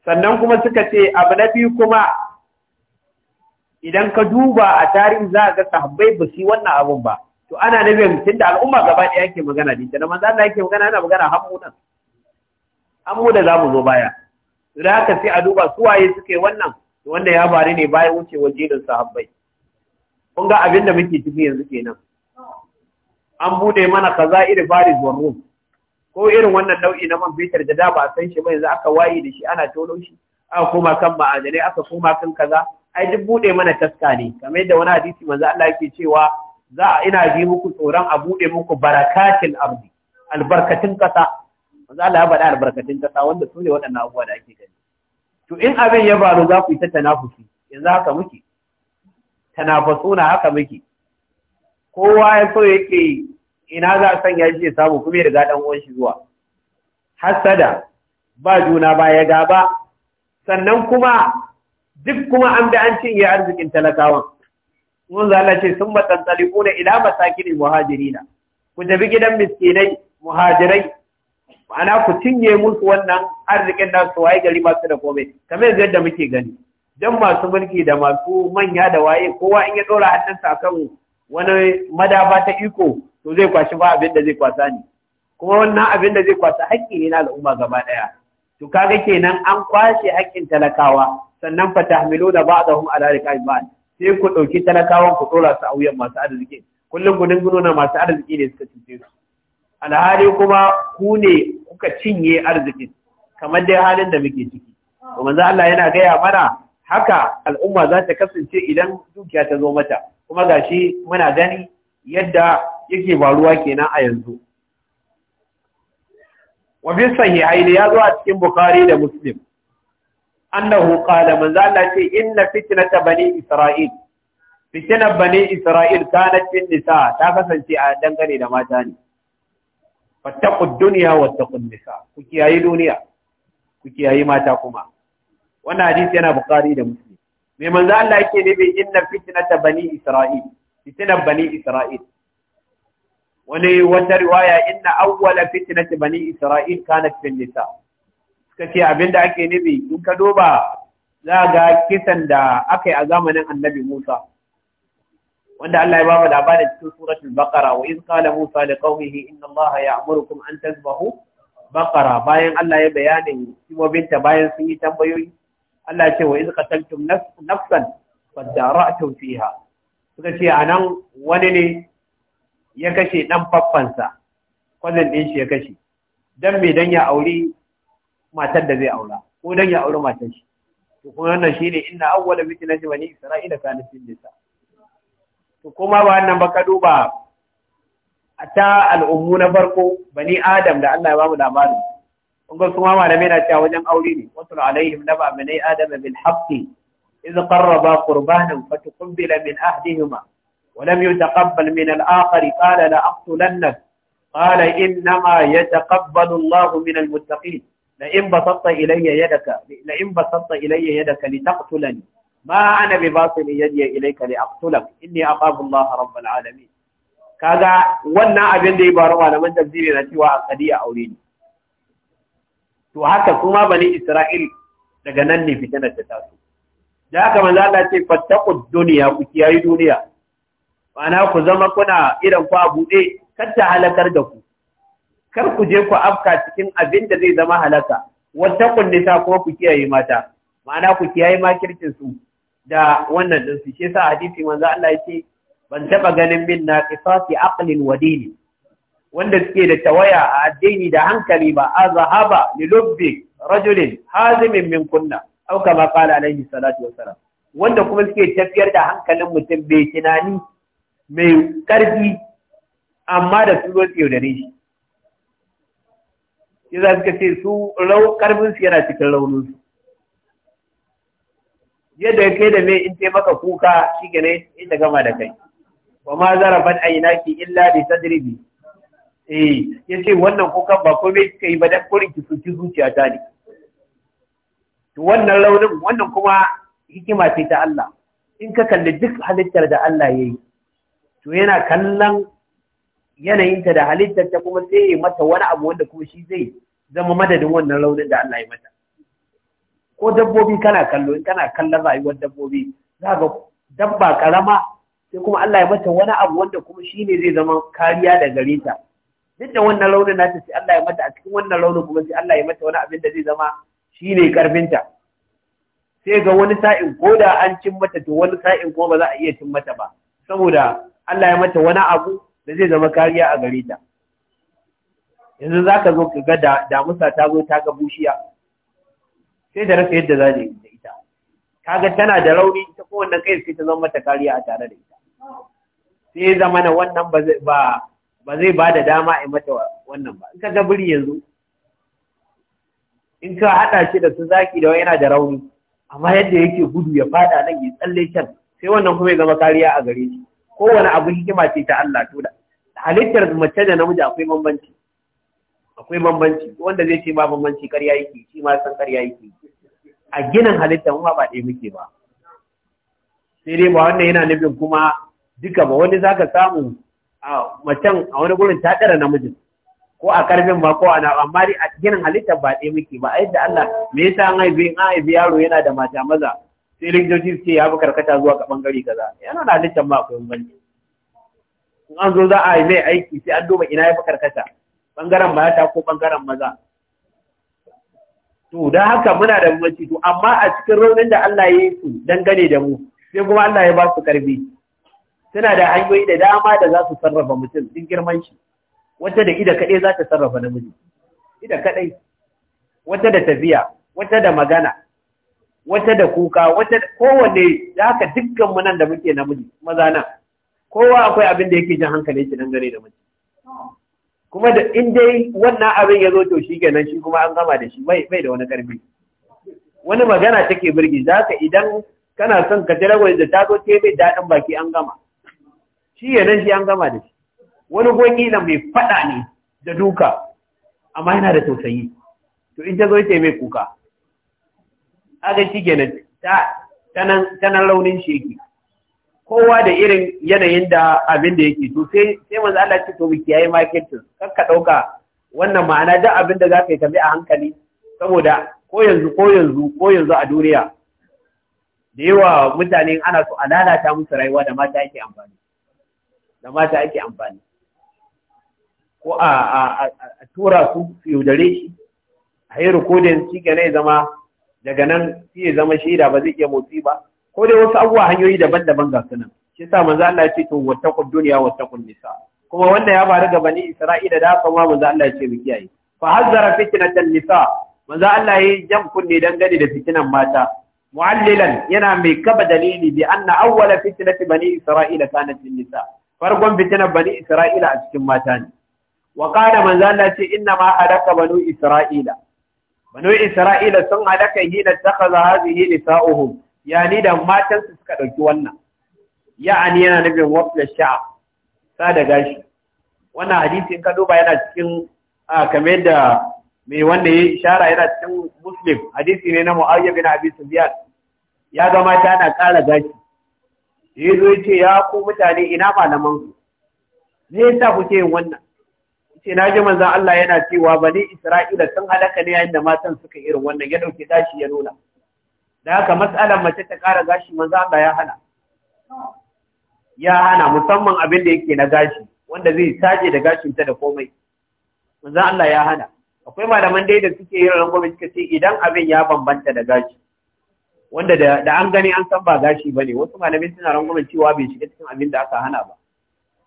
sannan kuma suka ce abu na biyu kuma idan ka duba a tarihi za ga sahabbai ba su wannan abun ba to ana nufin da al'umma gaba ɗaya yake magana dinta da manzo Allah yake magana yana magana hamu nan hamu da zamu zo baya da haka sai a duba su waye suke wannan wanda ya faru ne bayan wuce waje da sahabbai kun ga abin da muke ciki yanzu kenan an bude mana kaza iri fari zuwa ko irin wannan nau'i na man fetur da da ba san shi ba yanzu aka waye da shi ana tono shi aka koma kan ma'adanai aka koma kan kaza ai duk bude mana taska ne kamar yadda wani hadisi manzo Allah yake cewa za ina ji muku tsoron a bude muku barakatil ardi albarkatun kasa manzo Allah ya faɗa albarkatun kasa wanda su ne waɗannan abubuwa da ake gani to in abin ya faru za ku yi ta tanafusi yanzu haka muke tanafasuna haka muke kowa ya so yake ina za a sanya shi samu kuma ya riga dan uwan shi zuwa hasada ba juna ba ya ga ba. sannan kuma duk kuma an bi an cinye arzikin talakawan mun zala ce sun kuna ila masakin muhajirina ku tafi gidan miskinai muhajirai ana ku cinye musu wannan arzikin nasu waye gari masu da komai kamar yadda muke gani dan masu mulki da masu manya da waye kowa in ya dora hannunsa akan wani madafa ta iko to zai kwashi ba abin da zai kwasa ne kuma wannan abin da zai kwasa haƙƙi ne na al'umma gaba ɗaya to kaga kenan an kwashe haƙƙin talakawa sannan fa tahmilu da ba'dahum ala riqabi ba? sai ku ɗauki talakawan ku ɗora su a wuyan masu arziki kullum gudun gudun masu arziki ne suka cuce su alhali kuma ku ne kuka cinye arzikin kamar dai halin da muke ciki to manzo Allah yana gaya mana haka al'umma za ta kasance idan dukiya ta zo mata kuma gashi muna gani yadda yake baruwa kenan a yanzu wa fi sahihaini ya zo a cikin bukhari da muslim annahu qala man Allah ce inna fitnata bani isra'il fitna bani isra'il kanat fin nisa ta kasance a dangane da mata ne fattaqu dunya wattaqu nisa ku kiyayi duniya ku kiyayi mata kuma wannan hadisi yana bukhari da muslim me manzo Allah yake nufi inna fitnata bani isra'il fitinan bani Isra'il. Wani wata riwaya inna awwala fitnati bani Isra'il kanat fil nisa. Suka ce abinda ake nufi in ka duba za ga kisan da aka yi a zamanin Annabi Musa. wanda Allah ya bamu labarin cikin suratul baqara wa iz qala musa liqaumihi inna allaha ya'murukum an tazbahu baqara bayan Allah ya bayanin Binta bayan sun yi tambayoyi Allah ya ce wa iz qataltum nafsan fadara'tum fiha suka ce a nan wani ne ya kashe ɗan faffansa kwallon ɗin shi ya kashe don me don ya auri matar da zai aura ko don ya auri matar shi to kuma wannan shine inna shi fitnati wani isra'ila kanat fil nisa to kuma ba wannan ba ka duba ta al'ummu na farko bani adam da Allah ya ba mu labarin kun ga malamai na cewa wajen aure ne wasu alaihim naba bani adam bin haqqi إذ قربا قربانا فتقبل من أحدهما ولم يتقبل من الآخر قال لأقتلنك قال إنما يتقبل الله من المتقين لئن بسطت إلي يدك لئن بسطت إلي يدك لتقتلني ما أنا بباطل يدي إليك لأقتلك إني أخاف الله رب العالمين kaga wannan abin da ya baro malaman tafsiri na cewa a kadiya aure ne to haka kuma bani Isra'il daga nan ne fitinar ta taso da haka manzo Allah ce fattaqud dunya ku kiyayi duniya ma'ana ku zama kuna irin ku a buɗe kar ta halakar da ku kar ku je ku afka cikin abin da zai zama halaka wattaqun nisa kuma ku kiyaye mata ma'ana ku kiyaye makircin su da wannan din su shi yasa hadisi manzo Allah ce ban taɓa ganin min naqisati aqlin wa dini wanda suke da tawaya a addini da hankali ba azhaba li lubbi rajulin hazimin min kunna au kama nan alaihi salatu wassalam wanda kuma suke tafiyar da hankalin mutum bai tunani mai ƙarfi, amma da su zo yaudare shi shi za suka ce su rau karfin su yana cikin raunin su yadda kai da mai in taimaka kuka shi gane in ta gama da kai wa ma zarafan aynaki illa bi sadribi eh ce wannan kukan ba komai kika yi ba dan kurin ki su zuciya ta ne to wannan raunin wannan kuma hikima ce ta Allah in ka kalli duk halittar da Allah ya yi to yana kallon yanayinta da halittar ta kuma sai ya mata wani abu wanda kuma shi zai zama madadin wannan raunin da Allah ya mata ko dabbobi kana kallo in kana kallon rayuwar dabbobi za ga dabba karama sai kuma Allah ya mata wani abu wanda kuma shi ne zai zama kariya da gare ta duk da wannan raunin nata sai Allah ya mata a cikin wannan raunin kuma sai Allah ya mata wani abin da zai zama shi ne ƙarfinta sai ga wani sa'in ko da an cin mata to wani sa'in ko ba za a iya cin mata ba saboda Allah ya mata wani abu da zai zama kariya a gare ta yanzu za ka zo ka ga damusa ta zo ta ga bushiya sai da rasa yadda za da ita ka ga tana da rauni ta kowanne kai sai ta zama mata kariya a tare da ita sai zama na wannan ba zai ba da dama a mata wannan ba in ka ga biri yanzu in ka haɗa shi da su zaki da yana da rauni amma yadda yake gudu ya faɗa nan ya tsalle can sai wannan kuma ya zama kariya a gare shi kowane abu hikima ce ta Allah to da halittar mace da namiji akwai bambanci akwai bambanci wanda zai ce ba bambanci ƙarya yake shi ma san ƙarya yake a ginin halitta, mu ba ɗaya muke ba sai dai ba wannan yana nufin kuma duka ba wani zaka samu a macen a wani gurin ta ɗara namijin ko a karfin ba ko ana amma dai a cikin halittar ba ɗaya muke ba a yadda Allah me yasa an haife in an haife yaro yana da mata maza sai likitoci su ce ya bi karkata zuwa ga bangare kaza yana da halittar ma akwai bambanci in an zo za a yi mai aiki sai an duba ina ya fi karkata bangaren mata ko bangaren maza to don haka muna da bambanci to amma a cikin raunin da Allah ya yi su dangane da mu sai kuma Allah ya ba su karfi suna da hanyoyi da dama da za su sarrafa mutum din girman shi wata da ida kaɗai za ta sarrafa namiji ida kaɗai wata da tafiya wata da magana wata da kuka wata kowane da haka dukkan munan nan da muke namiji maza nan kowa akwai abin da yake jin hankali shi dangane da muke. kuma da in dai wannan abin ya zo to shi kenan shi kuma an gama da shi bai da wani karfi wani magana take birgi za ka idan kana son ka tare da ta zo ke mai daɗin baki an gama shi nan shi an gama da shi wani na mai fada ne da duka amma yana da tausayi to in ta zo ita mai kuka aga shi kenan ta tanan launin sheki kowa da irin yanayin da abin da yake to sai sai manzo Allah ce to biki yayi marketing kar ka dauka wannan ma'ana da abin da zaka yi tambi a hankali saboda ko yanzu ko yanzu ko yanzu a duniya da yawa mutane ana so a lalata musu rayuwa da mata ake amfani da mata ake amfani ko a tura su su yaudare shi a yi rikodin shi gane zama daga nan shi ya zama shaida ba zai iya motsi ba ko dai wasu abubuwa hanyoyi daban-daban ga sunan shi sa manzo Allah ya ce to duniya dunya wattaqun nisa kuma wanda ya faru ga bani Isra'ila da haka ma manzo Allah ya ce mu kiyaye fa hazara fitnatan nisa manzo Allah ya jam kunne dangane da fitinan mata mu'allilan yana mai kaba dalili bi anna awwala fitnati bani isra'ila kanat lin nisa farkon fitinan bani isra'ila a cikin mata ne wa kada manzo Allah ce inna ma halaka banu isra'ila banu isra'ila sun halaka da takaza hadhihi nisa'uhum yani da matan su suka dauki wannan ya'ani yana nufin wafla sha'a sa da gashi wannan hadisi in ka duba yana cikin kamar da mai wanda ya ishara yana cikin muslim hadisi ne na mu'awiya bin abi sufyan ya ga mata na kara gashi ya zo ya ce ya ku mutane ina malaman ku me yasa kuke yin wannan ce na ji manzan Allah yana cewa bani Isra'ila sun halaka ne yayin da matan suka irin wannan ya dauke gashi ya nuna da haka matsalar mace ta ƙara gashi manzan Allah ya hana ya hana musamman abin da yake na gashi wanda zai sace da gashinta da komai manzan Allah ya hana akwai malaman dai da suke yin rangwame suka ce idan abin ya bambanta da gashi wanda da an gani an san ba gashi ba ne wasu malamin suna rangwamen cewa bai shiga cikin abin da aka hana ba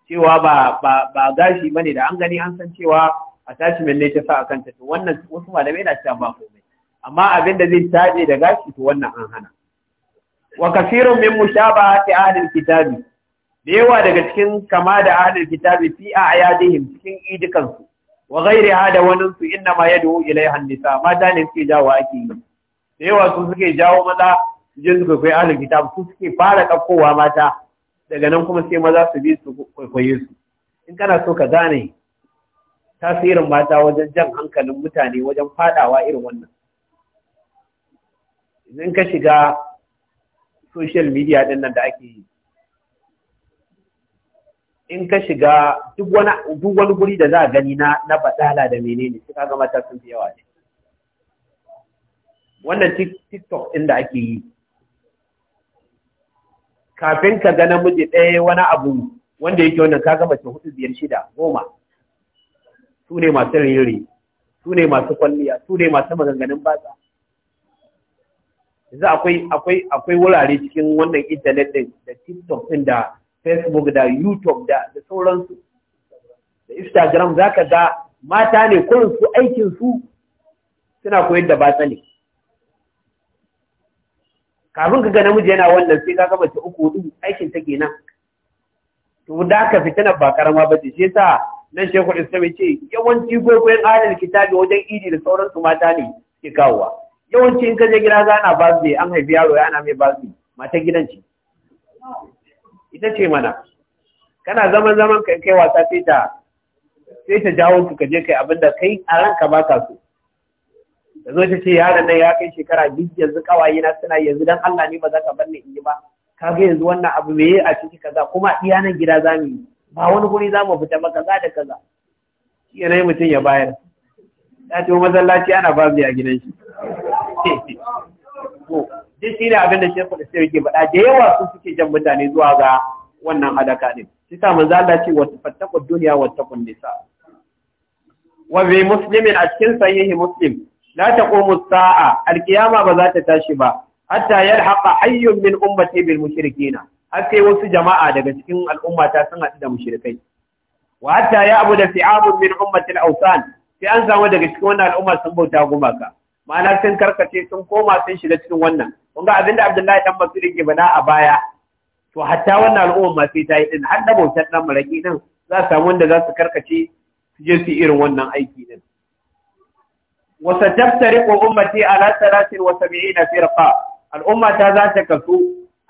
cewa ba ba ba gashi bane da an gani an san cewa attachment ne ta sa akan ta wannan wasu malamai na cewa ba komai amma abin da zai taje da gashi to wannan an hana wa kasirun min mushabahati ahlil kitabi da daga cikin kama da ahlil kitabi fi ayadihim cikin idikan su wa ghairi hada wannan su inna ma yadu ilaiha nisa mata ne suke jawo ake yi da su suke jawo maza je suka kai ahlil kitab su suke fara kakkowa mata daga nan kuma sai maza su bi su kwaikwaye su in kana so ka gane tasirin mata wajen jan hankalin mutane wajen fadawa irin wannan idan ka shiga social media din nan da ake yi in ka shiga duk wani guri da za a gani na na da menene suka ga mata sun fi yawa ne wannan TikTok ɗin da ake yi kafin ka ga namiji ɗaya wani abu wanda yake wannan ka gama ce hudu biyar shida goma su ne masu riri su ne masu kwalliya su ne masu maganganun batsa yanzu akwai akwai akwai wurare cikin wannan internet din da tiktok din da facebook da youtube da da sauransu da instagram zaka ga mata ne kurin su aikin su suna koyar da batsa ne kafin ka ga namiji yana wannan sai ka ga mace uku hudu aikin ta kenan to da ka fitina ba karama ba ce shi yasa nan shehu islam ya ce yawanci gogoyen adal kitabi wajen idi da sauran su mata ne ke kawowa yawanci in ka je gida za ana basu birthday an haifi yaro yana ana mai birthday mata gidan ce ita ce mana kana zaman zaman kai kai wasa sai ta sai ta jawo ka je kai abinda kai a ranka ba ka so da zo ta ce yaron nan ya kai shekara biyu yanzu kawaye na suna yanzu dan Allah ne ba za ka bar ni in yi ba kaga yanzu wannan abu me a ciki kaza kuma iya nan gida za mu yi ba wani guri za mu fita ba kaza da kaza shi yanayi mutum ya bayar ya ce masallaci ana ba a gidan shi *laughs* to duk shi ne abin da shi kuɗi sai yake faɗa da yawa su suke jan mutane zuwa ga wannan hadaka ne shi sa manzo Allah ce wata fattaqud dunya wata nisa wa bi muslimin a cikin sayyihi muslim la taqumu sa'a alqiyama ba za ta tashi ba hatta yalhaqa hayyun min ummati bil mushrikina har sai wasu jama'a daga cikin al'ummata sun hadu da mushrikai wa hatta ya'budu fi'abun min ummati al sai an samu daga cikin wannan al'umma sun bauta gumaka ma'ana sun karkace sun koma sun shiga cikin wannan kun ga abinda Abdullahi dan Masud yake bana a baya to hatta wannan al'umma ma sai ta yi din har da bautar dan maraki din za su samu wanda za su karkace su je irin wannan aiki din وستفترق أمتي على 73 فرقة za ta kaso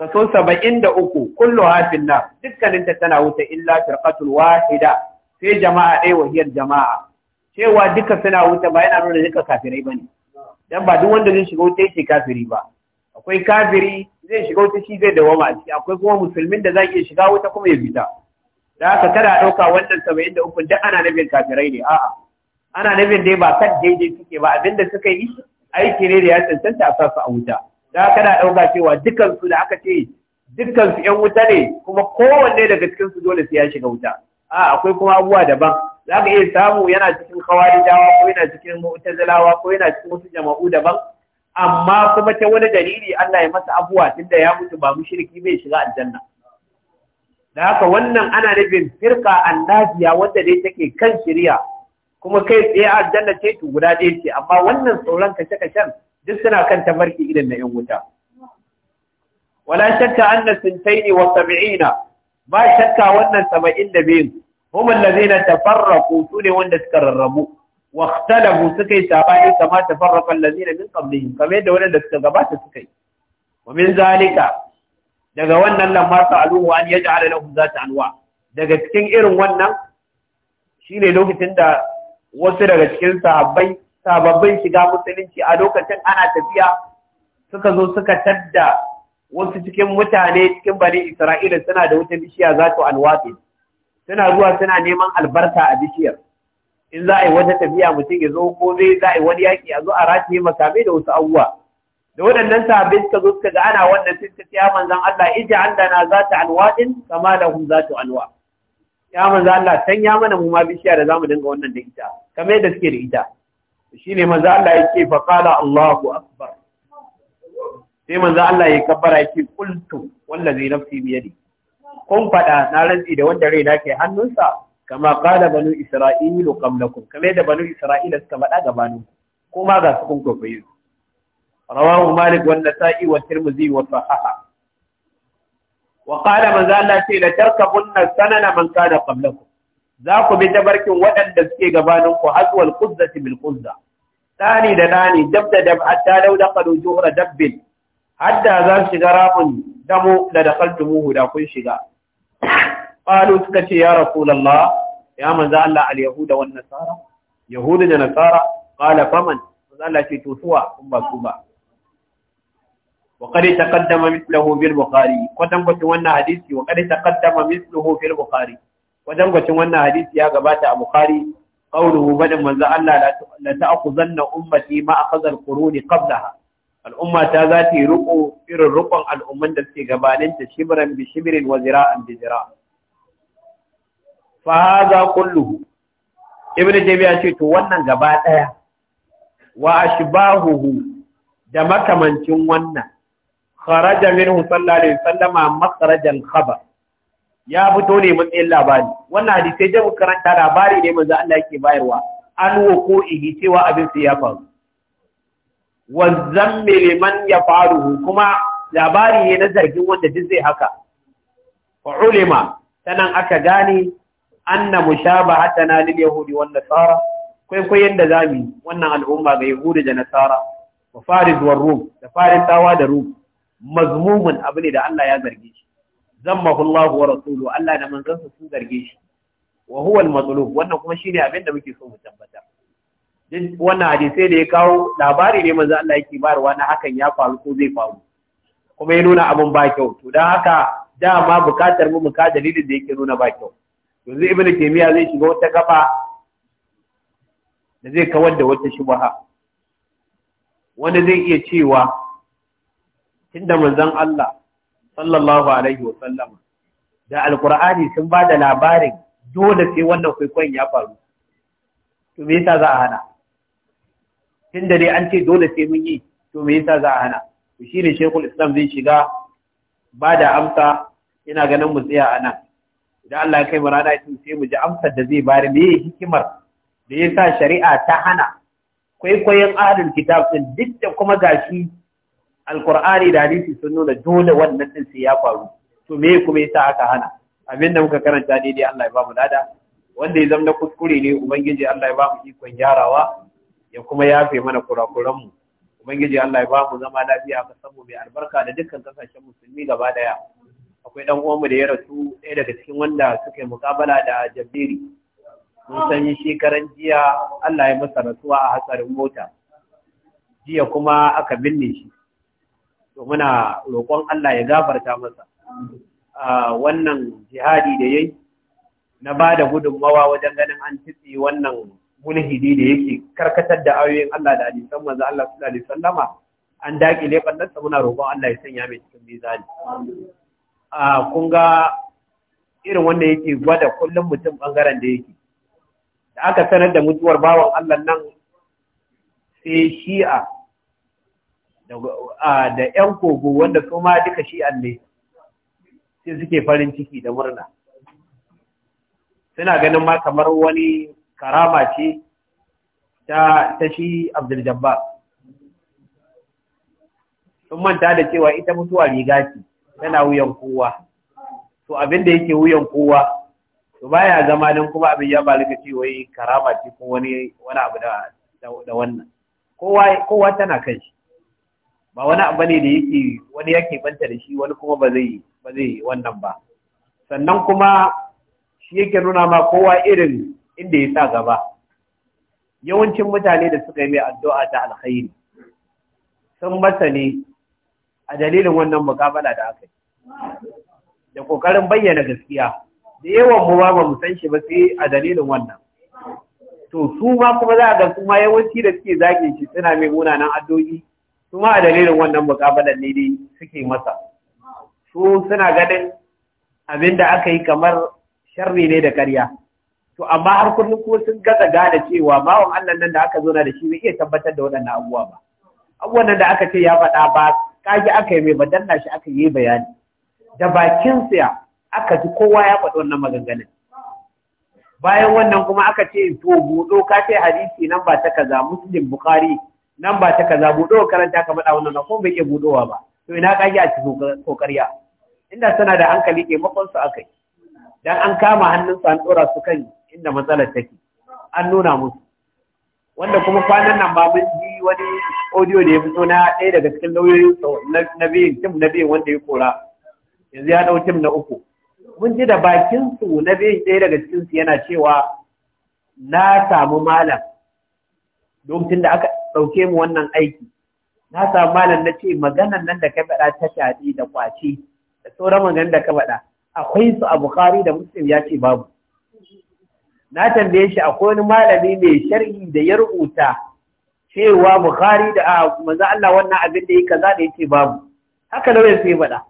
كسو 70 أكو كلها في النار دكا tana wuta illa فرقة wahida, sai jama'a إيه wahiyar jama'a. cewa duka suna wuta ba yana nuna duka kafirai bane dan ba duk wanda zai shiga wuta yake kafiri ba akwai kafiri zai shiga wuta shi zai da a ciki akwai kuma musulmin da zai iya shiga wuta kuma ya fita da haka kada a ɗauka wannan 73 duk ana nabin kafirai ne a'a ana nufin dai ba kan daidai suke ba abinda suka yi aiki ne da ya cancanta a sasu a wuta da na ɗauka cewa dukansu da aka ce dukansu ‘yan wuta ne kuma kowanne daga cikinsu dole sai ya shiga wuta a akwai kuma abubuwa daban za ka iya samu yana cikin kawarijawa ko yana cikin mu'tazilawa ko yana cikin wasu jama'u daban amma kuma ta wani dalili Allah ya masa abuwa tunda ya mutu ba mu mushriki bai shiga aljanna da haka wannan ana nufin firka annabiya wanda dai take kan shirya. kuma kai tsaye aljanna ce tu guda ɗaya ce amma wannan tsoron kashe kashen duk suna kan tabarki irin na yan wuta wala shakka anna sintaini wa sab'ina ba shakka wannan saba'in da biyu hum allazina tafarraqu sune wanda suka rarrabu wa ikhtalafu suka yi sabani kama tafarraqa allazina min qablihim kamar yadda wanda suka gabata suka yi wa min zalika daga wannan lamma sa'aluhu an yaj'ala lahum zata anwa daga cikin irin wannan shine lokacin da wasu daga cikin sahabbai sababbin shiga musulunci a lokacin ana tafiya suka zo suka tadda wasu cikin mutane cikin bani Isra'ila suna da wuta bishiya za su alwafi suna zuwa suna neman albarka a bishiyar in za a yi wata tafiya mutum ya zo ko zai za a yi wani yaƙi a zo a rataye makamai da wasu abubuwa da waɗannan sahabbai suka zo suka ga ana wannan sun ta manzon Allah ija Allah na za ta alwaɗin kama da hun za ta alwa ya manzo Allah ya mana mu ma bishiya da zamu dinga wannan da ita kamar yadda suke da ita shine manzo Allah yake fa qala Allahu akbar sai manzo Allah ya kabbara yake qultu wallazi nafsi bi yadi kun fada na rantsi da wanda raina ke hannunsa kama qala banu isra'ilu qablakum kamar yadda banu isra'ila suka faɗa gabanin kuma ga su kun kofayi rawahu malik wan nasa'i wa tirmidhi wa sahaha Waƙala qala manzo Allah ce la sanana man kana qablakum za ku bi barkin waɗanda suke gabanin ku haswal quzzati bil quzza tani da dani dab da dab hatta law daqalu juhra dabbin hatta za su shiga ramun damu da dakaltumuhu da kun shiga qalu suka ce ya rasulullah ya manzo Allah al yahuda wan nasara yahuda da nasara qala faman manzo Allah ce to suwa kun ba su ba وقد تقدم مثله في البخاري وتم wannan hadisi وقد تقدم مثله في البخاري ya gabata a bukhari qawluhu badan manzo Allah la ta'khuzanna ummati ma akhadha al-quruni qablaha al'umma ta za ta yi riko irin rikon al'umman da suke gabaninta shibiran bi shibirin wa zira'an bi zira fa haza ce to wannan gaba wa ashibahuhu da makamancin wannan kharaja minhu sallallahu alaihi wasallama makarajal ya fito ne matsayin labari wannan hadisai da karanta labari ne manzo Allah yake bayarwa an wuqu'ihi cewa abin sai ya faru wa kuma labari ne na zargin wanda duk zai haka fa ta nan aka gane anna mushabahatana lil yahudi wan nasara kai kai yanda yi wannan al'umma ga yahudi da nasara wa faris war rum da farisawa da rum mazmumun abu ne da Allah ya zarge shi zammahu Allah wa rasuluhu Allah da manzansa sun zarge shi wa huwa al wannan kuma shine abin da muke so mu tabbata din wannan hadisi da ya kawo labari ne manzo Allah yake bayarwa na hakan ya faru ko zai faru kuma ya nuna abin ba kyau to dan haka dama bukatar mu muka dalilin da yake nuna ba kyau yanzu ibnu taymiya zai shiga wata kafa da zai kawar da wata shubha wanda zai iya cewa inda manzon Allah sallallahu alaihi wa sallam da alqur'ani sun ba da labarin dole sai wannan kwaikwayon ya faru to me yasa za a hana tunda dai an ce dole sai mun yi to me yasa za a hana to shine shekul islam zai shiga ba da amsa ina ganin mu tsaya anan. nan idan Allah ya kai mu rana ita sai mu ji amsar da zai bari me hikimar da yasa shari'a ta hana kwaikwayon ahlul kitab din duk da kuma gashi alkur'ani da hadisi sun nuna dole wannan din sai ya faru to me kuma yasa aka hana abin da muka karanta daidai Allah ya ba mu lada wanda ya zama kuskure ne ubangiji Allah ya ba mu ikon gyarawa ya kuma yafe mana kurakuran mu ubangiji Allah ya ba mu zama lafiya ka samu mai albarka da dukkan kasashen musulmi gaba daya akwai dan mu da ya rasu ɗaya daga cikin wanda suka yi mukabala da jabiri mun san shekaran jiya Allah ya masa rasuwa a hatsarin mota jiya kuma aka binne shi to muna roƙon Allah ya gafarta masa wannan jihadi da yayi na ba da gudunmawa wajen ganin an titsi wannan mulhidi da yake karkatar da ayoyin Allah da hadisan manzo Allah sallallahu alaihi wasallama an daƙile ɓallansa muna roƙon Allah ya sanya mai cikin mizani a kun ga irin wanda yake gwada kullum mutum bangaren da yake da aka sanar da mutuwar bawan Allah nan sai shi'a da ‘yan kogo wanda kuma duka shi ne sai suke farin ciki da murna suna ganin ma kamar wani karama ce ta shi abdul jabbar sun manta da cewa ita mutuwa riga ce tana wuyan kowa to abin da yake wuyan kowa to baya zama don kuma abin ya balika ce wai karama ce ko wani abu da wannan kowa tana kai shi ba wani abu ne da yake wani yake banta da shi wani kuma ba zai ba zai wannan ba sannan kuma shi yake nuna ma kowa irin inda ya sa gaba yawancin mutane da suka yi mai addu'a ta alkhairi sun masa ne a dalilin wannan mukabala da aka yi da kokarin bayyana gaskiya da yawan mu ba mu san shi ba sai a dalilin wannan to su ma kuma za a ga su ma yawanci da suke zagin shi suna mai munanan addu'o'i su ma a dalilin wannan mukabalar ne dai suke masa su suna ganin abin da aka yi kamar sharri ne da karya to amma har kullum ko sun gaza gane cewa bawan Allah nan da aka zo na da shi bai iya tabbatar da waɗannan abubuwa ba abubuwan nan da aka ce ya faɗa ba kage aka yi mai ba danna shi aka yi bayani da bakin sa aka ji kowa ya faɗi wannan maganganun bayan wannan kuma aka ce to budo ka ce hadisi nan ba ta kaza muslim bukhari nan ba ta kaza buɗo karanta ka faɗa wannan kuma bai iya buɗowa ba to ina ka ji a cikin kokariya inda sana da hankali ke makon su akai dan an kama hannun su an dora su kan inda matsalar take an nuna musu wanda kuma kwanan nan ba mun ji wani audio da ya fito na ɗaya daga cikin lauyoyin na biyun tim na biyun wanda ya kora yanzu ya ɗau tim na uku mun ji da bakin su na biyun ɗaya daga cikin su yana cewa na samu malam lokacin da aka ɗauke mu wannan aiki na samu malam na ce maganan nan da ka faɗa ta shaɗi da kwace da sauran maganan da ka faɗa akwai su a Bukhari da Muslim ya ce babu na tambaye shi akwai wani malami mai sharhi da ya rubuta cewa Bukhari da ah, manzo Allah wannan abin da yi kaza da yake babu haka lauyan sai faɗa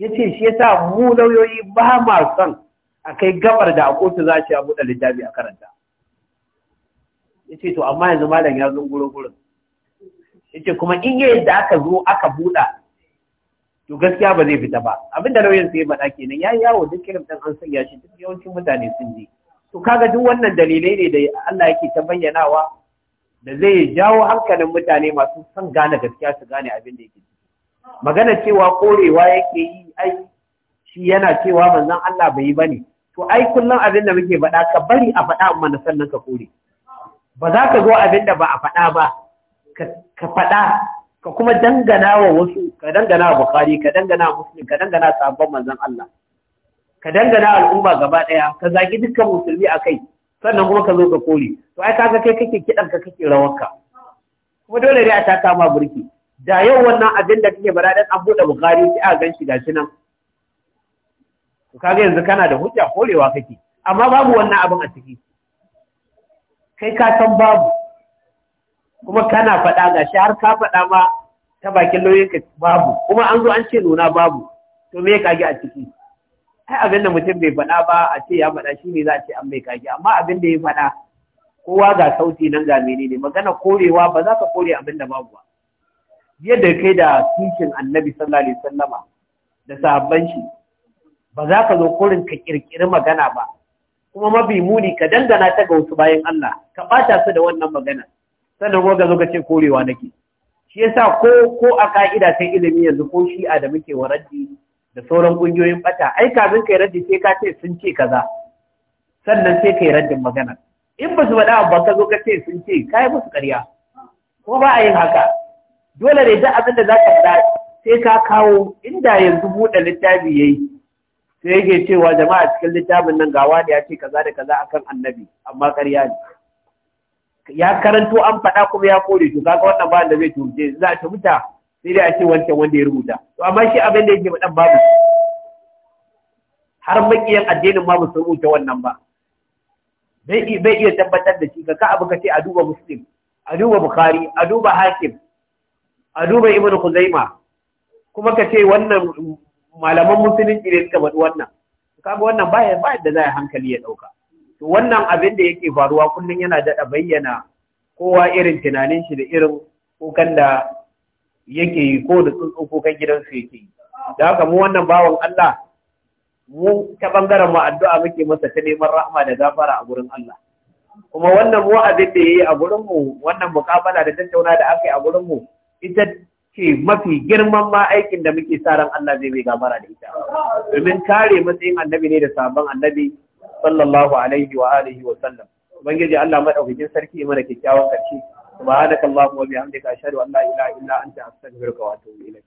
Ya ce shi yasa mu lauyoyi ba ma son a kai gabar da a kotu za a buɗe littafi a karanta ya ce to amma yanzu malam ya zo gurin gurin ya kuma in yi yadda aka zo aka buɗa to gaskiya ba zai fita ba Abin da lauyan sai faɗa kenan ya yawo duk irin ɗan an sanya shi duk yawancin mutane sun je to kaga duk wannan dalilai ne da Allah yake ta bayyanawa da zai jawo hankalin mutane masu son gane gaskiya su gane abin da yake magana cewa korewa yake yi ai shi yana cewa manzon Allah bai yi bane to ai kullum abin da muke faɗa ka bari a faɗa amma na sannan ka kore ba za ka zo abin da ba a faɗa ba ka faɗa ka kuma dangana wa wasu ka dangana wa bukari ka dangana wa muslim ka dangana sabon manzon Allah ka dangana al'umma gaba ɗaya ka zagi dukkan musulmi a kai sannan kuma ka zo ka kore to ai kaga kai kake kiɗan ka kake rawarka. kuma dole ne a ta kama burki da yau wannan abin da kake bara dan an buɗe bukari sai a gan shi gashi nan to kaga yanzu kana da hujja korewa kake amma babu wannan abin a ciki kai ka san babu kuma kana faɗa ga shi har ka faɗa ma ta bakin lauyin ka babu kuma an zo an ce nuna babu to me kage a ciki ai abin da mutum bai faɗa ba a ce ya faɗa shi ne za a ce an bai kage amma abin da ya faɗa kowa ga sauti nan ga menene magana korewa ba za ka kore abin da babu ba yadda kai da tushen annabi sallallahu alaihi wasallama da sahabban shi ba za ka zo korin ka kirkiri magana ba kuma mafi muni ka dangana ta ga wasu bayan Allah ka ɓata su da wannan magana sannan kuma ga zo ka ce korewa nake shi yasa ko ko a ka'ida sai ilimi yanzu ko shi'a da muke wa raddi da sauran ƙungiyoyin ɓata ai kafin kai raddi sai ka ce sun ce kaza sannan sai kai raddin magana in ba su faɗa ba ka zo ka ce sun ce ka yi musu ƙarya ko ba a yin haka dole ne duk abin da za ka faɗa sai ka kawo inda yanzu buɗe littafi yayi sai yake cewa jama'a cikin littafin nan gawa ne ya ce kaza da kaza akan annabi amma karya ne ya karanto an faɗa kuma ya kore to kaga wannan ba da zai tuje za a sai dai a ce wancan wanda ya rubuta to amma shi abin da yake ɗan babu har makiyan addinin ma ba su rubuta wannan ba bai iya tabbatar da shi ka abu ka ce a duba muslim a duba bukhari a duba hakim a duba ibnu kuzaima kuma ka ce wannan malaman musulunci ne suka faɗi wannan kaga wannan baya ba da za hankali ya ɗauka to wannan abin da yake faruwa kullum yana daɗa bayyana kowa irin tunanin shi da irin kukan da yake yi ko da tsuntsun kukan gidansu yake yi da haka mu wannan bawan Allah mu ta bangaren mu addu'a muke masa ta neman rahma da gafara a gurin Allah kuma wannan mu abin da yayi a gurin mu wannan mukabala da tattauna da aka yi a gurin mu ita ce mafi girman ma aikin da muke sa ran Allah zai bai gamara da ita domin kare matsayin annabi ne da sabon annabi sallallahu alaihi wa alihi wa sallam ubangiji Allah madaukakin sarki mana kyakkyawan karshe subhanakallahumma wa bihamdika ashhadu an la ilaha illa anta astaghfiruka wa atubu ilaik